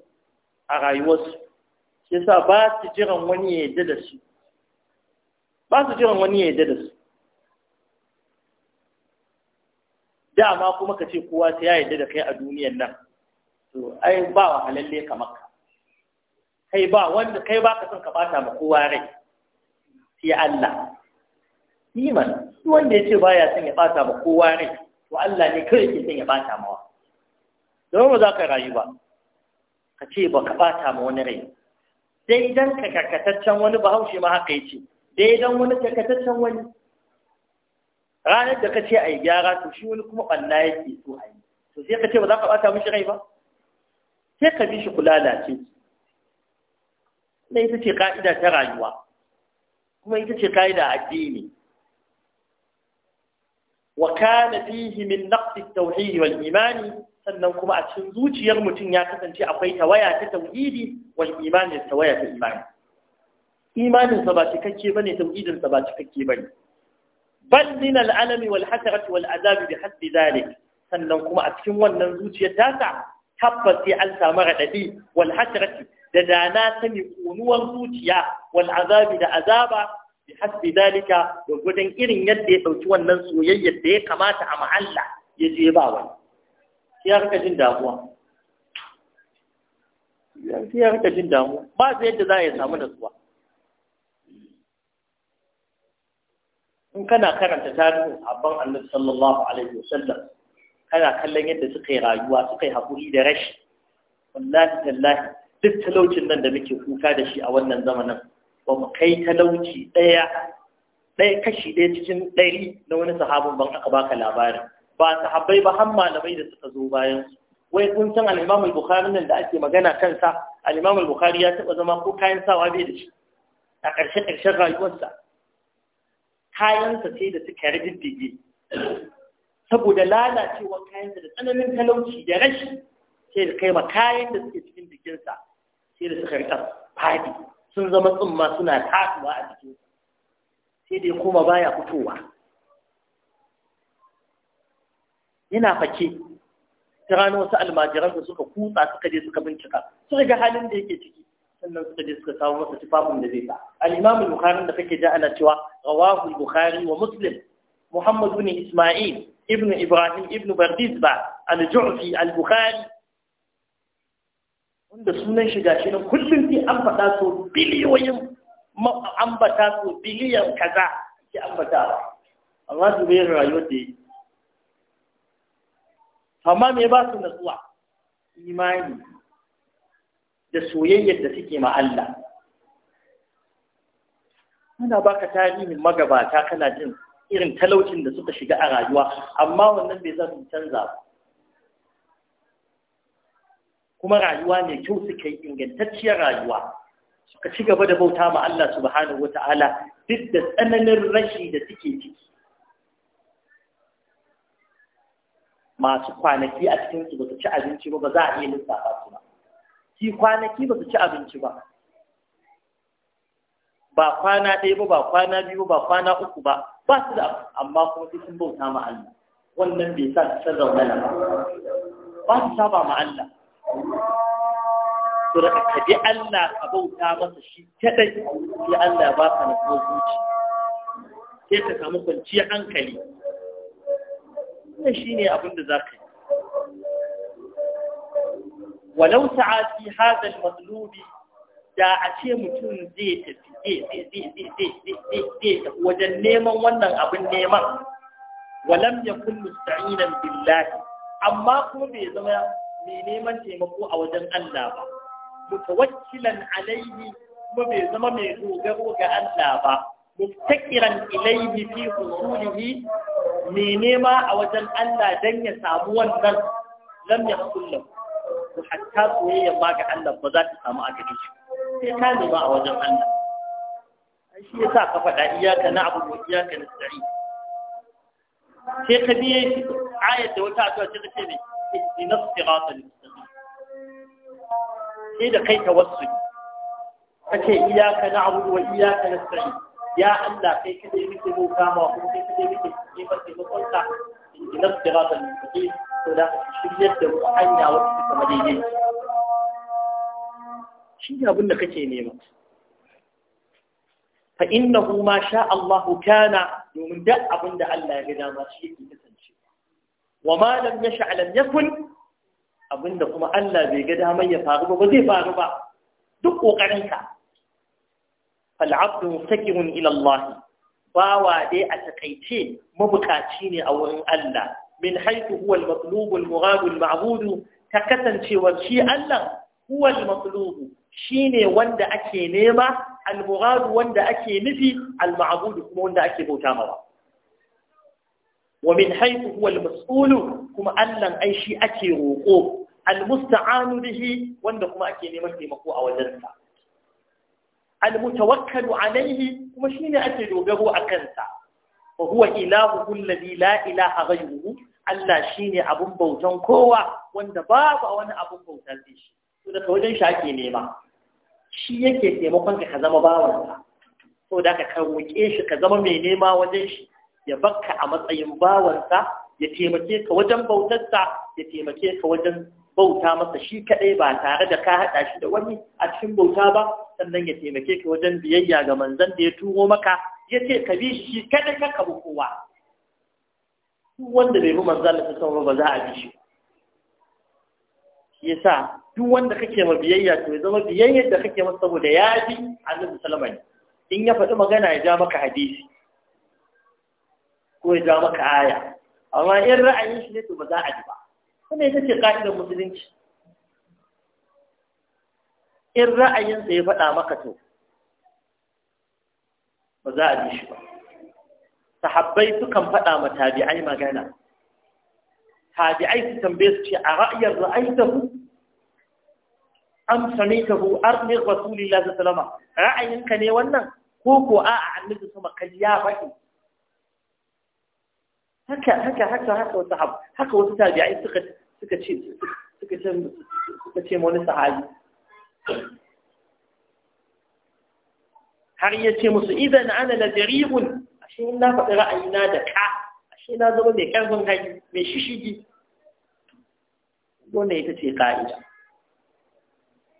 a rayuwarsu yasa ba su jiran wani ya yarda da su ba su jiran wani ya yarda da su dama kuma ka ce kowa ta ya yarda da kai a duniyar nan ai ba wa halalle kamar ka kai ba wanda kai ba ka son ka bata ma kowa rai sai Allah iman wanda ya ce ba ya son ya bata ma kowa rai to Allah ne kai ke son ya bata mawa don ba za ka rayu ba ka ce ba ka bata ma wani rai Sai idan ka karkataccen wani bahaushe ma haka yace dai idan wani karkataccen wani ranar da ka ce a yi gyara to shi wani kuma ɓanna yake so a yi to sai ka ce ba za ka bata mishi rai ba sai ka bi shi kula lalace da ita ce ka'ida ta rayuwa kuma ita ce ka'ida addini wa kana fihi min naqd at-tauhid wal iman sannan kuma a cikin zuciyar mutum ya kasance akwai tawaya ta tauhidi wal iman da tawaya ta imani imanin sa ba cikakke bane tauhidin sa ba cikakke bane bal min al-alam wal hasrat wal azab bi haddi dhalik sannan kuma a cikin wannan zuciyar ta tabbas sai an samu radadi wal hasrati da dana sani kunuwan zuciya wal azabi da azaba bi hasbi dalika da gudan irin yadda ya dauki wannan soyayyar da ya kamata a mahalla ya je ba wani sai ya rika jin damuwa sai ya rika jin damuwa ba su yadda za ya samu nasuwa in kana karanta tarihin abban annabi sallallahu alaihi wasallam kana kallon yadda suka yi rayuwa suka yi haƙuri da rashi wallahi tallahi duk talaucin nan da muke kuka da shi a wannan zamanin ba mu kai talauci ɗaya ɗaya kashi ɗaya cikin ɗari na wani sahabin ban aka baka labarin ba sahabbai ba har malamai da suka zo bayan su wai kun san al-Imam al-Bukhari nan da ake magana kansa al-Imam al-Bukhari ya taba zama ko kayan sawa bai da shi a ƙarshe ƙarshen rayuwarsa kayansa sai da suka riddige saboda lalacewar sa da tsananin talauci da rashi sai da kai ma kayan da suke cikin jikinsa sai da suka ɗan fadi sun zama tsumma suna tasuwa a jikin sai da kuma baya fitowa yana fake ta ranar wasu almajiran da suka kutsa suka je suka bincika suka ga halin da yake ciki sannan suka je suka kawo masa tufafin da zai sa Alimamin imam da kake ji ana cewa rawahu bukhari wa muslim Muhammadu ne isma'il ibnu ibrahim ibn ba al-ju'fi al-bukhari wanda sunan shiga shi nan kullum sai an faɗa so biliyoyin ambata so biliyan kaza sai A ba amma su bai rayuwar da yi amma me ba su natsuwa imani da soyayyar da suke ma Allah ana baka tarihin magabata kana jin irin talaucin da suka shiga a rayuwa amma wannan bai zan su canza ba kuma rayuwa mai kyau suka yi ingantacciyar rayuwa suka ci gaba da bauta ma Allah subhanahu wata'ala duk da tsananin rashi da suke ciki masu kwanaki a cikin su ba su ci abinci ba ba za a iya lissafa su ba ki kwanaki ba su ci abinci ba ba kwana ɗaya ba ba kwana biyu ba kwana uku ba ba su da amma kuma sai sun bauta ma Allah wannan bai sa su san ba ba su saba ma Allah to daga ka bi Allah a bauta masa shi kadai sai Allah ba ka nufo zuci sai ka samu kwanciyar hankali wannan shine abin da za ka yi walau ta'afi hadal al da a ce mutum zai tafi wajen neman wannan abin neman walam ya kullu sa'inan billahi amma kuma bai zama mai neman taimako a wajen Allah ba mutawakkilan alaihi kuma bai zama mai dogaro ga Allah ba muftakiran ilaihi fi husulihi mai nema a wajen Allah don ya samu wannan lam yahsul lahu to hatta soyayya ba ga Allah ba za ta samu a gare shi sai ka nema a wajen Allah ai shi yasa ka faɗa iyyaka na'budu wa iyyaka nasta'in sai ka biye shi ayat da wata addu'a ce ta ce ne اهدنا الصراط المستقيم إذا كي توصل فكي إياك نعبد وإياك نستعين يا الله كي كده مثل مكامة وكي كده مثل كيفة مطلقة اهدنا الصراط المستقيم ولا شريت وحينا وقت مدينين شيء أبنى كتي نيمة فإنه ما شاء الله كان يمدأ دأ أبنى الله إذا ما شيء wa ma lam yasha lam yakun abinda kuma Allah bai ga damar ya faru ba ba zai faru ba duk kokarin ka fal abdu muftakirun ila Allah bawa dai a takaice mabukaci ne a wurin Allah min haythu huwa al-matlub al-murad al-ma'bud ta kasancewar shi Allah huwa al-matlub shine wanda ake nema al-murad wanda ake nufi al-ma'bud kuma wanda ake bauta mawa wa min haythu huwa al kuma Allah ai shi ake roƙo al-musta'anu bihi wanda kuma ake neman taimako a wajensa al-mutawakkalu alayhi kuma shine ake dogaro a kansa fa huwa ilahu alladhi la ilaha ghayruhu Allah shine abun bautan kowa wanda babu wani abun bautar sai shi to daga wajen shi ake nema shi yake taimakon ka zama bawansa da ka roƙe shi ka zama mai nema wajen shi ya bakka a matsayin bawansa ya taimake ka wajen bautarsa ya taimake ka wajen bauta masa shi kaɗai ba tare da ka haɗa shi da wani a cikin bauta ba sannan ya taimake ka wajen biyayya ga manzan da ya turo maka ya ce ka bi shi kaɗai ka kabu kowa duk wanda bai bi manzan da sun ba za a bi shi shi yasa duk wanda kake ma biyayya to ya zama biyayyar da kake masa saboda ya bi annabi sallallahu alaihi in ya faɗi magana ya ja maka hadisi ko ya ja maka aya amma in ra'ayin shi ne to ba za a ji ba kuma ita ce ka'idar musulunci in ra'ayin sa ya faɗa maka to ba za a ji shi ba sahabbai sukan faɗa ma tabi'ai magana tabi'ai su tambaye su ce a ra'ayar ra'aitahu am sanitahu arni rasulillahi sallallahu alaihi wasallam ra'ayinka ne wannan ko ko a'a annabi sama kai ya faɗi haka haka haka haka wasu hab haka wasu tabi'ai suka suka ce suka ce suka ce wani sahabi har ya ce musu idan ana la dari'un ashe in na faɗi ra'ayina da ka ashe na zama mai ƙarfin hali mai shishigi wannan ita ce ka'ida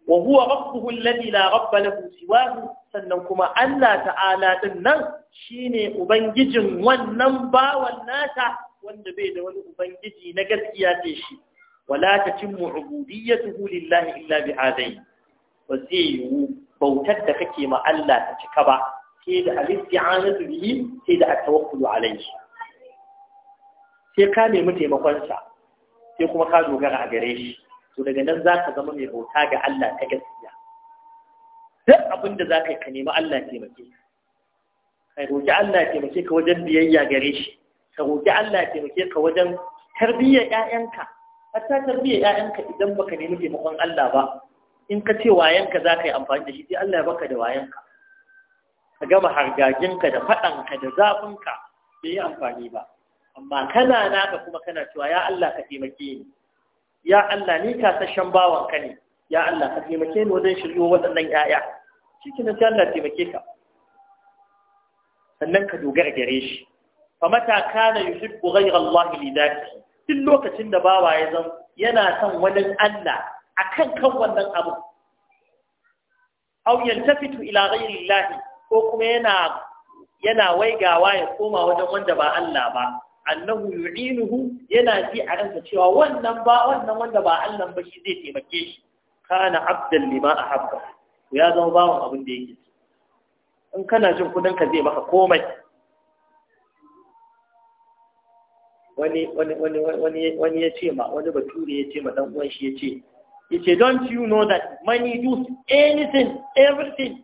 wa huwa rabbuhu alladhi la sannan kuma Allah ta'ala din nan shine ubangijin wannan bawan nata wanda bai da wani ubangiji na gaskiya ce shi wala tatimmu ubudiyyatuhu lillahi illa bi hadain ba zai yiwu bautar da kake ma Allah ta cika ba sai da al-isti'anatu bihi sai da at-tawakkulu alayhi sai ka nemi taimakon sa sai kuma ka dogara a gare shi to daga nan za ka zama mai bauta ga Allah ta gaskiya duk abin da za ka ka nemi Allah taimake ka roƙi Allah taimake ka wajen biyayya gare shi ka roƙi Allah taimake ka wajen tarbiyyar ƴaƴanka hatta tarbiyyar ƴaƴanka idan baka nemi taimakon Allah ba in ka ce wayanka za ka yi amfani da shi sai Allah ya baka da wayanka ka gama hargajinka da faɗanka da zafinka bai yi amfani ba amma kana naka kuma kana cewa ya Allah ka taimake ni ya Allah ni kasashen bawan ka ne ya Allah ka taimake ni wajen shiryo waɗannan ƴaƴa shi ne Allah taimake ka sannan ka dogara gare shi fa mata kana yuhibbu ghayra Allah li dhatihi duk lokacin da bawa ya zan yana son wani Allah akan kan wannan abu aw yantafitu ila ghayri Allah ko kuma yana yana waigawa ya koma wajen wanda ba Allah ba annahu yu'inuhu yana ji a ransa cewa wannan ba wannan wanda ba Allah ba shi zai taimake shi kana abdan lima ahabba ya zama ba wani abin da yake in kana jin kudin ka zai maka komai wani wani wani wani wani ya ce ma wani bature ya ce ma dan uwan shi ya ce ya ce don't you know that money does anything everything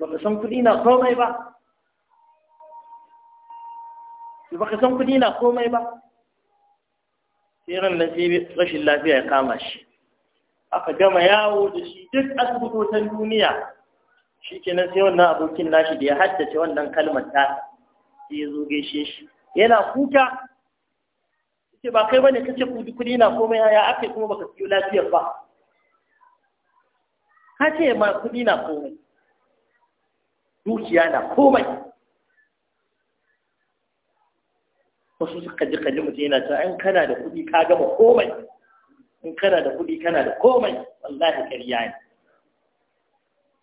Ba baka san kudi na komai ba ba ka san kuɗi na komai ba sai ran da sai rashin lafiya ya kama shi aka gama yawo da shi duk asibitocin duniya shi nan sai wannan abokin nashi da ya haddace wannan kalmar ta sai ya zo gaishe shi yana kuka ce ba kai bane kace kudi kudi na komai ya ake kuma baka siyo lafiyar ba kace ma kudi na komai dukiya na komai wasu suka ji kalli mutum yana cewa in kana da kuɗi ka gama komai in kana da kuɗi kana da komai wallahi ƙarya ne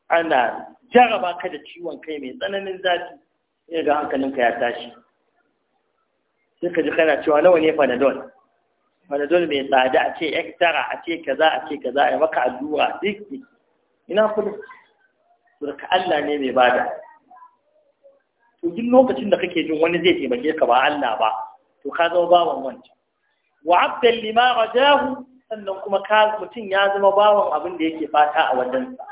ana jaraba ka da ciwon kai mai tsananin zafi ya ga hankalinka ya tashi sai ka ji kana cewa nawa ne panadol panadol mai tsada a ce ektara a ce kaza a ce kaza a maka allura duk ina kudu surka Allah ne mai bada to duk lokacin da kake jin wani zai taimake ka ba Allah ba to ka zama bawan wancan wa abdal lima rajahu sannan kuma ka mutum ya zama bawan abin da yake fata a wajensa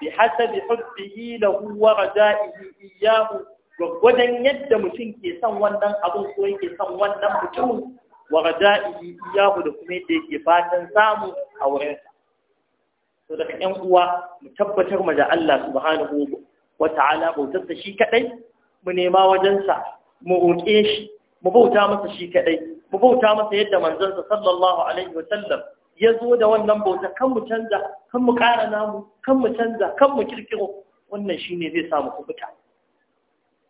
bi hasabi hubbihi lahu wa raja'ihi iyyahu yadda mutum ke son wannan abin ko yake son wannan mutum wa raja'ihi iyyahu da kuma yadda yake fatan samu a sa to daga ƴan uwa mu tabbatar mu da Allah subhanahu wa ta'ala bautar shi kadai mu nema wajensa mu roƙe shi mu bauta masa shi kadai mu bauta masa yadda manzansa sallallahu alaihi wa sallam ya zo da wannan bauta kan mu canza kan mu ƙara namu kan mu canza kan mu kirkiro wannan shine zai samu kubuta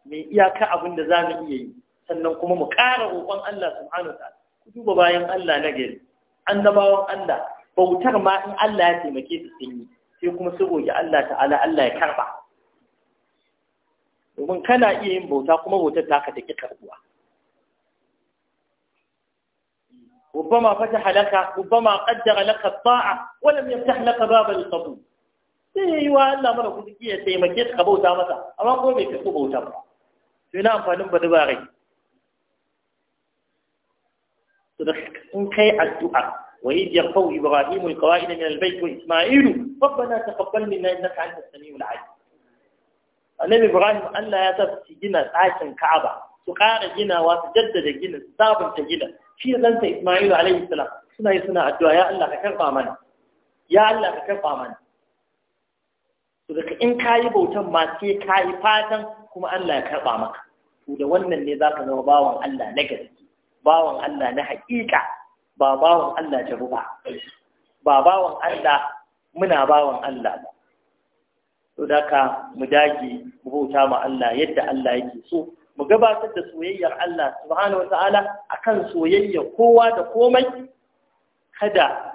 Me iyaka abin da za iya yi sannan kuma mu kara roƙon Allah subhanahu ta'ala ku duba bayan Allah na gari annabawan Allah bautar ma in Allah ya taimake su sun sai kuma su goge Allah ta'ala Allah ya karba domin kana iya yin bauta kuma bautar ta ka take karbuwa ربما فتح لك ربما قدر لك الطاعة ولم يفتح لك باب القبول إيه، أيوة yi ما Allah mara يا سيما taimake قبول bauta أما قوم ko قبول karɓi bauta فنم to ina amfanin وإذ يرفع إبراهيم القوائد من البيت وإسماعيل ربنا تقبل منا إنك أنت السميع العليم النبي إبراهيم أن لا يتبسجنا عاشا كعبة su ƙara ginawa su jaddada gina su sabunta gina shi zanta Ismailu alaihi salam suna yi suna addu'a ya Allah ka karɓa mana ya Allah ka karɓa mana to daga in ka yi bautan ma sai ka yi fatan kuma Allah ya karɓa maka to da wannan ne za ka zama bawan Allah na gaske bawan Allah na haƙiƙa ba bawan Allah jabu ba ba bawan Allah muna bawan Allah ba to da ka mu dage mu bauta ma Allah yadda Allah yake so mu gabatar da soyayyar Allah subhanahu wa ta'ala akan soyayya kowa da komai kada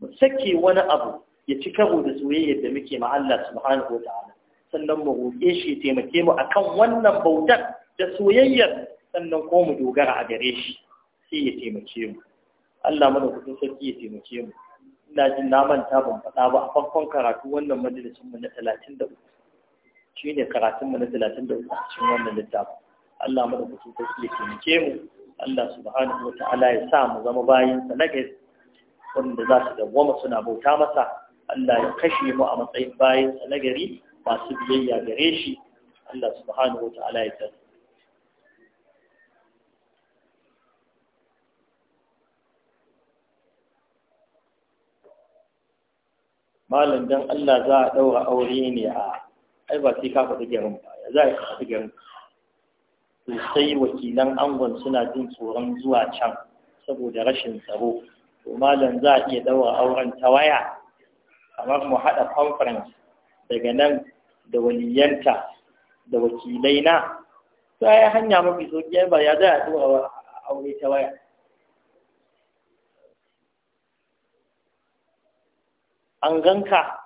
mu sake wani abu ya ci karo da soyayyar da muke ma Allah subhanahu wa ta'ala sannan mu roƙe shi taimake mu akan wannan bautar da soyayyar sannan ko mu dogara a gare shi sai ya taimake mu Allah mana madaukakin sarki ya taimake mu ina jin na manta ban faɗa ba a farkon karatu wannan majalisin mu na 33 shi ne karatunmu na talatin da uku cikin wannan littafin Allah madaukakin sarki ya taimake mu Allah subhanahu wa ta'ala ya sa mu zama bayansa na gari wanda za su dawwama suna bauta masa Allah ya kashe mu a matsayin bayansa na gari masu biyayya gare shi Allah subhanahu wa ta'ala ya tsare malam dan Allah za a daura aure ne a ai ba sai ka faɗi garin ba ya za ka faɗi gyaran to sai wakilan angon suna jin tsoron zuwa can saboda rashin tsaro to malam za a iya ɗaura auren ta waya kamar mu haɗa conference daga nan da waliyanta da wakilai na ta hanya mafi sauki ba ya za a aure ta waya an ganka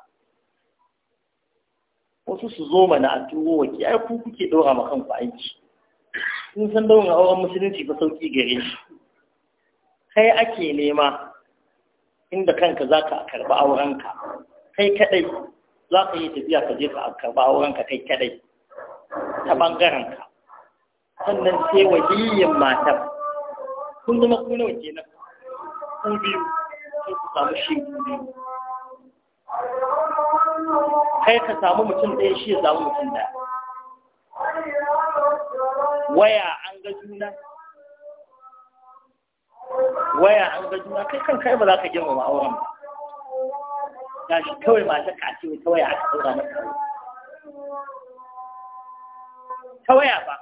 wasu su zo mana a turo wa ai ku kuke dora ma kanku aiki kun san daurin auren musulunci ba sauƙi gare shi kai ake nema inda kanka za ka karɓi aurenka kai kaɗai za ka yi tafiya ka je ka karɓi aurenka kai kaɗai ta ka. sannan sai waliyin matar kun zama kuna waje na ku biyu sai ku samu shi kai ka samu mutum ɗaya shi ya samu mutum ɗaya waya an ga juna waya an ga juna kai kan kai ba za ka girmama auren ba ga shi kawai mata ka ce ta waya aka ɗora maka ta waya ba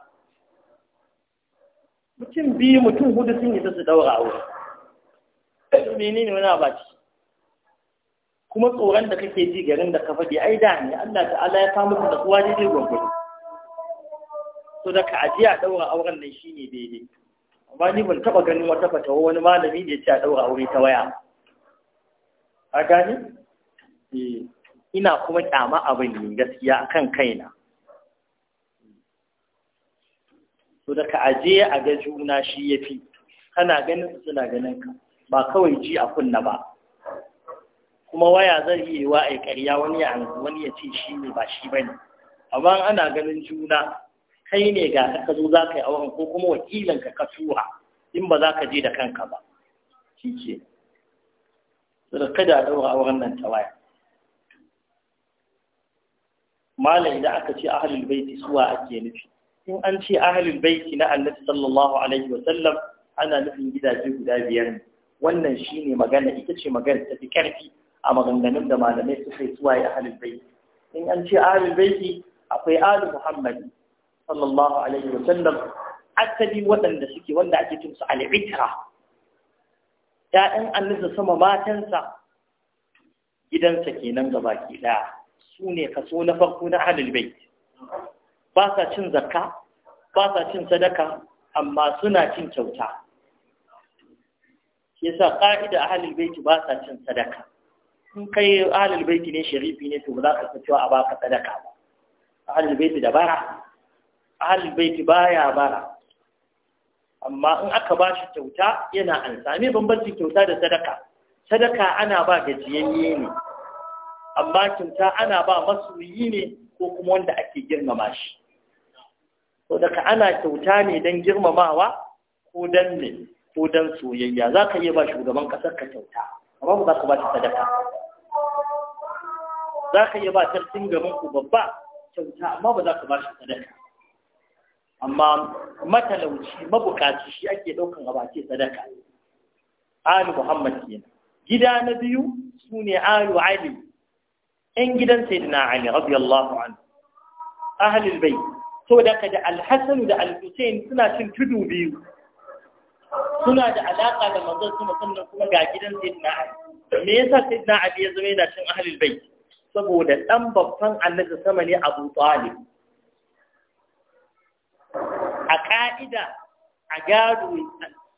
mutum biyu mutum hudu sun yi su ɗaura aure menene wani abaci kuma tsoron da kake ji garin da ka faɗi ai da ne Allah ta'ala ya samu da kuwa daidai gwangwani to da ka aji a ɗaura auren nan shi ne daidai amma ni ban taɓa ganin wata fatawa wani malami da ya ce a ɗaura aure ta waya a Eh ina kuma ƙyama abin ne gaskiya a kan kaina to da ka aje a ga juna shi ya fi kana ganin su suna ganin ka ba kawai ji a kunna ba kuma waya zai iya wa a ƙarya wani ya wani ya ce shi ne ba shi bane amma ana ganin juna kai ne ga ka zo za ka yi auren ko kuma wakilan ka tura in ba za ka je da kanka ba shi ce da kada a ɗaura auren nan ta waya malam idan aka ce ahalul baiti suwa ake nufi in an ce ahalul baiti na annabi sallallahu alaihi wa sallam ana nufin gidaje guda biyar ne wannan shine magana ita ce magana ta fi karfi a maganganun da malamai suka yi ya ahalul baiti in an ce ahalul baiti akwai alu muhammadi sallallahu alaihi wa sallam asali waɗanda suke wanda ake cin su al'itra ya'yan annisa sama matansa gidansa kenan ke ɗaya su ne kaso na farko na ahalul baiti ba sa cin zakka ba sa cin sadaka amma suna cin kyauta yasa ƙa'ida ahalin baiti ba sa cin sadaka in kai ahlul baiti ne sharifi ne to za ka cewa a baka sadaka ba ahlul baiti da bara ahlul baiti baya bara amma in aka ba shi kyauta yana ansa me bambancin kyauta da sadaka sadaka ana ba gajiyayye ne amma kyauta ana ba masoyi ne ko kuma wanda ake girmama shi to daga ana kyauta ne don girmamawa ko dan ne ko don soyayya za ka iya ba shugaban ƙasar ka kyauta amma ba za ka ba shi sadaka za ka iya ba tartin gaban ku babba kyauta amma ba za ka ba shi sadaka amma matalauci mabukaci shi ake ɗaukan a bace sadaka ali muhammad kenan gida na biyu su ne alu ali ‘yan gidan sayyidina ali radiyallahu anhu ahalul bai da ka da alhassanu da alhussein suna cin tudu biyu suna da alaƙa da manzon sama sannan kuma ga gidan sayyidina ali me yasa sayyidina ali ya zama yana cin ahalul bai saboda ɗan babban annabi sama ne abu talib a ƙa'ida a gado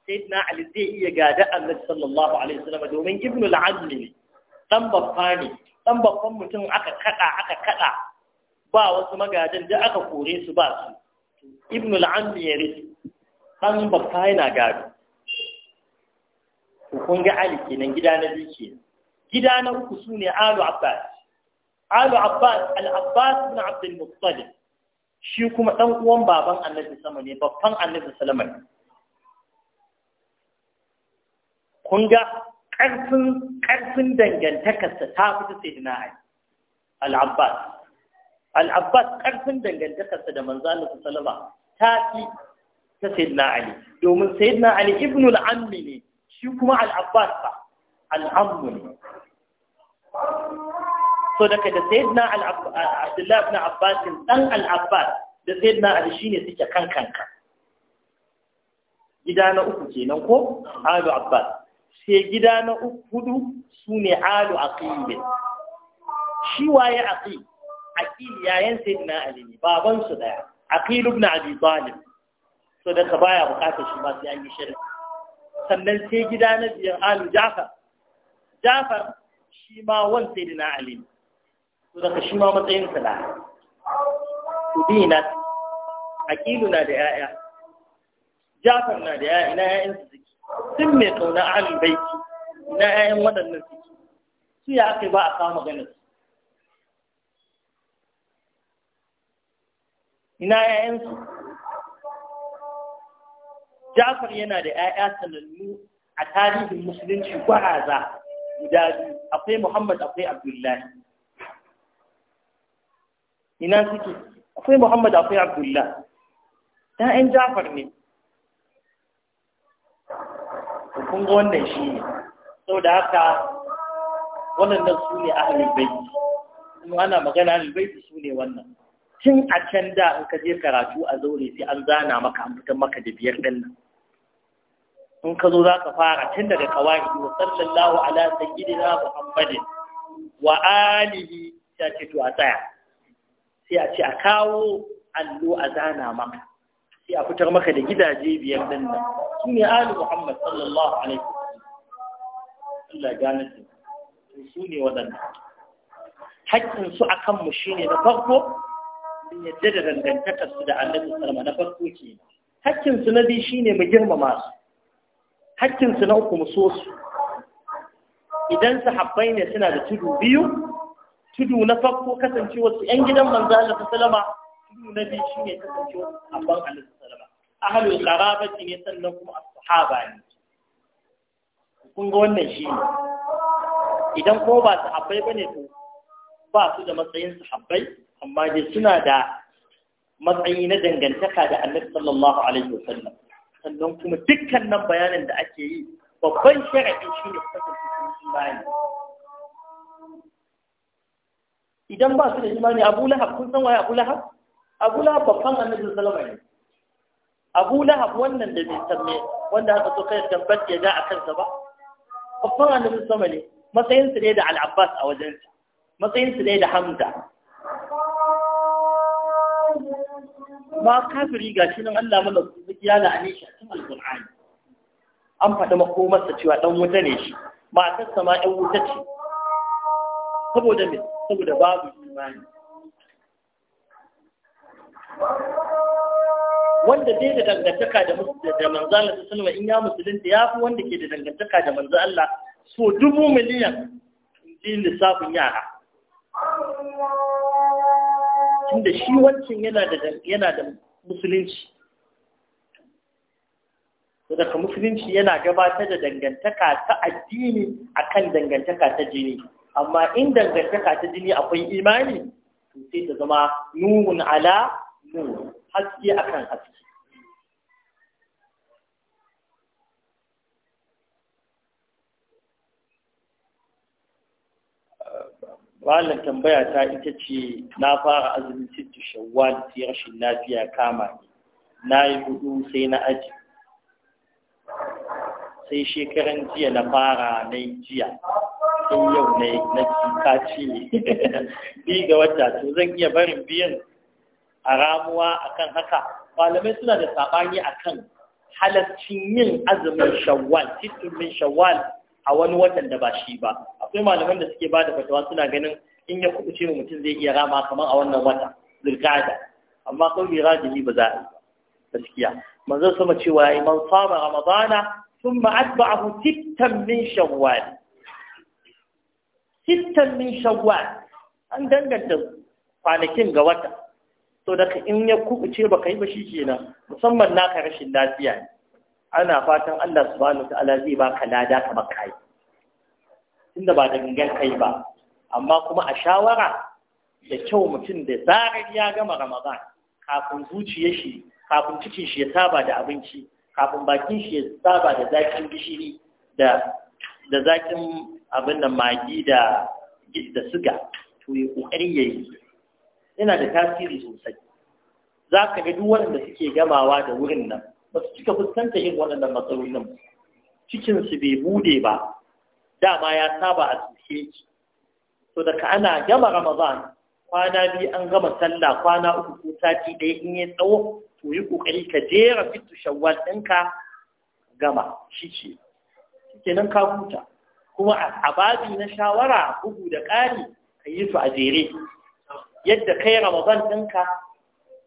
sayyidina ali zai iya gada annabi sallallahu alaihi wasallam domin ibnu al-azmi ne babba ne ɗan babban mutum aka kada aka kada ba wasu magadan da aka kore su ba su ibnu al-azmi ya rike ɗan babba yana gado kun ga ali kenan gida na biyu gida na uku sune alu abbas Alu Abbas, Al-Abbas bin Abdul Muttalib, shi kuma ɗan uwan baban Annabi sama ne, babban Annabi Salama ne. Kun ga ƙarfin dangantakarsa ta fi ta sai na ai. Al-Abbas. Al-Abbas ƙarfin dangantakarsa da manzo Allah Salama ta fi ta sai na Ali. Domin sai na Ali ibnul ammi ne, shi kuma Al-Abbas ba, al'ammu ne. so daga da sayyidina abdullahi ibn abbas dan al-abbas da sayyidina ali shine suke kan kanka gida na uku kenan ko alu abbas sai gida na uku hudu sune alu aqil shi waye aqil aqil yayan sayyidina ali ne baban su daya aqil ibn abi talib so daga baya bukatar shi ba sai an yi shirki sannan sai gida na biyar alu jafar jafar shi ma wan sayyidina ali to daga shi ma matsayin sala na akilu na da yaya jafar na da yaya ina yayan su suke sun mai a halin baiki ina yayan waɗannan suke su ya aka ba a kama ganin su ina yayan su Jafar yana da ‘ya'ya sanannu a tarihin musulunci gwaraza guda biyu, akwai Muhammad akwai Abdullahi. ina suke akwai Muhammad akwai Abdullah Ta yan Jafar ne hukun ga wannan shi ne Sau da haka waɗannan su ne a halibai kuma ana magana halibai su ne wannan tun a can da in ka je karatu a zaure sai an zana maka an fitan maka da biyar ɗin nan in ka zo za ka fara tun daga kawai wa sallallahu ala sayyidina muhammadin wa alihi ya ce to a tsaya sai a ce a kawo allo a zana maka sai a fitar maka da gidaje biyar din nan su ne ali muhammad sallallahu alaihi Allah gane su su ne waɗannan haƙƙin su akan mu shine na farko mun yadda da dangantakar su da annabi sallama na farko ke haƙƙin su na biyu shine mu girmama su haƙƙin su na uku mu so su idan sahabbai ne suna da tudu biyu tudu na farko kasancewarsu ‘yan gidan manzo Allah ta salama tudu na biyu shi ne kasancewarsu abban Allah ta salama ahalul qarabati ne sannan kuma as-sahaba ne kun ga wannan shi ne idan ko ba su sahabbai bane to ba su da matsayin su sahabbai amma dai suna da matsayi na dangantaka da annabi sallallahu alaihi wasallam sannan kuma dukkanin bayanin da ake yi babban shari'i shine kasance cikin imani idan ba su da imani abu lahab kun san waye abu lahab abu lahab babban annabi sallama ne abu lahab wannan da bai san me wanda haka so kai tabbat ya da a kansa ba babban annabi sallama ne matsayin su ne da al-abbas a wajen sa matsayin su ne da hamza ma kafiri gashi nan Allah mana zuki ya la'ani shi a cikin alqur'ani an faɗi makomarsa cewa dan wuta ne shi matarsa ma ɗan wuta ce saboda mai saboda babu imani wanda dai da dangantaka da da manzo Allah sallallahu in ya musulunta ya fi wanda ke da dangantaka da manzo Allah so dubu miliyan ji lissafin yara tunda shi wancan yana da yana da musulunci daga musulunci yana gabatar da dangantaka ta addini akan dangantaka ta jini amma in dangantaka ta jini akwai imani to sai ta zama nurun ala nur haske akan haske Malam tambaya ta ita ce na fara azumin sittu shawwal sai rashin lafiya kama ni na yi hudu sai na aji sai shekaran jiya na fara na jiya in yau ne na ka ci bi ga wata to zan iya barin biyan a ramuwa akan haka malamai suna da sabani akan halaccin yin azumin shawwal titunmin shawwal a wani watan da ba shi ba akwai malaman da suke bada fatawa suna ganin in ya kuɓuce ce mutum zai iya rama kamar a wannan wata zirkada amma kauli jini ba za a yi gaskiya manzo sama cewa ya man saba ramadana thumma a sittan min shawwal sittan min shawwal an danganta kwanakin ga wata to daga in ya kubuce baka yi ba shi kenan musamman naka rashin lafiya ne ana fatan Allah subhanahu ta'ala zai baka lada kamar kai tunda ba da gangan kai ba amma kuma a shawara da kyau mutum da zarar ya gama Ramadan kafin zuciyar shi kafin cikin shi ya saba da abinci kafin bakin shi ya saba da zakin gishiri da da zakin abin da magi da da suga to ya yi. yayi yana da tasiri sosai za ka ga duk waɗanda suke gamawa da wurin nan ba su cika fuskanta yin waɗannan matsalolin cikinsu bai bude ba dama ya saba a tsushe ki to daga ana gama ramadan kwana biyu an gama sallah kwana uku ko sati ɗaya in yi tsawo to yi ƙoƙari ka jera fitu shawwal ɗinka gama shi ce kenan ka huta kuma a babi na shawara bugu da ƙari ka yi su a jere yadda kai ramadan ɗinka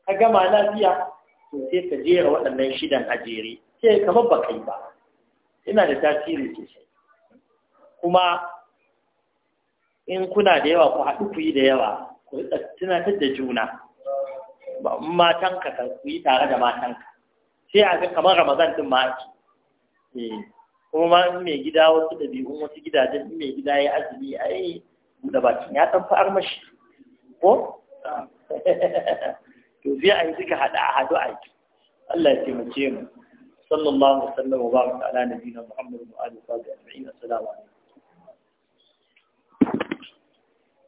ka gama lafiya to sai ka jera waɗannan shidan a jere sai kamar ba kai ba yana da tasiri sosai kuma in kuna da yawa ku haɗu ku yi da yawa ku yi tunatar da juna ba matanka ka ku yi tare da matanka sai a ga kamar ramadan ɗin ma ake eh. kuma ma in mai gida wasu ɗabi'un wasu gidajen in mai gida ya azumi a yi buɗe bakin ya san fa'ar mashi ko to zai a yi duka haɗa a haɗu a yi Allah ya taimake mu sallallahu alaihi wa sallam wa baraka ala nabiyina Muhammad wa alihi wa sahbihi ajma'in assalamu alaikum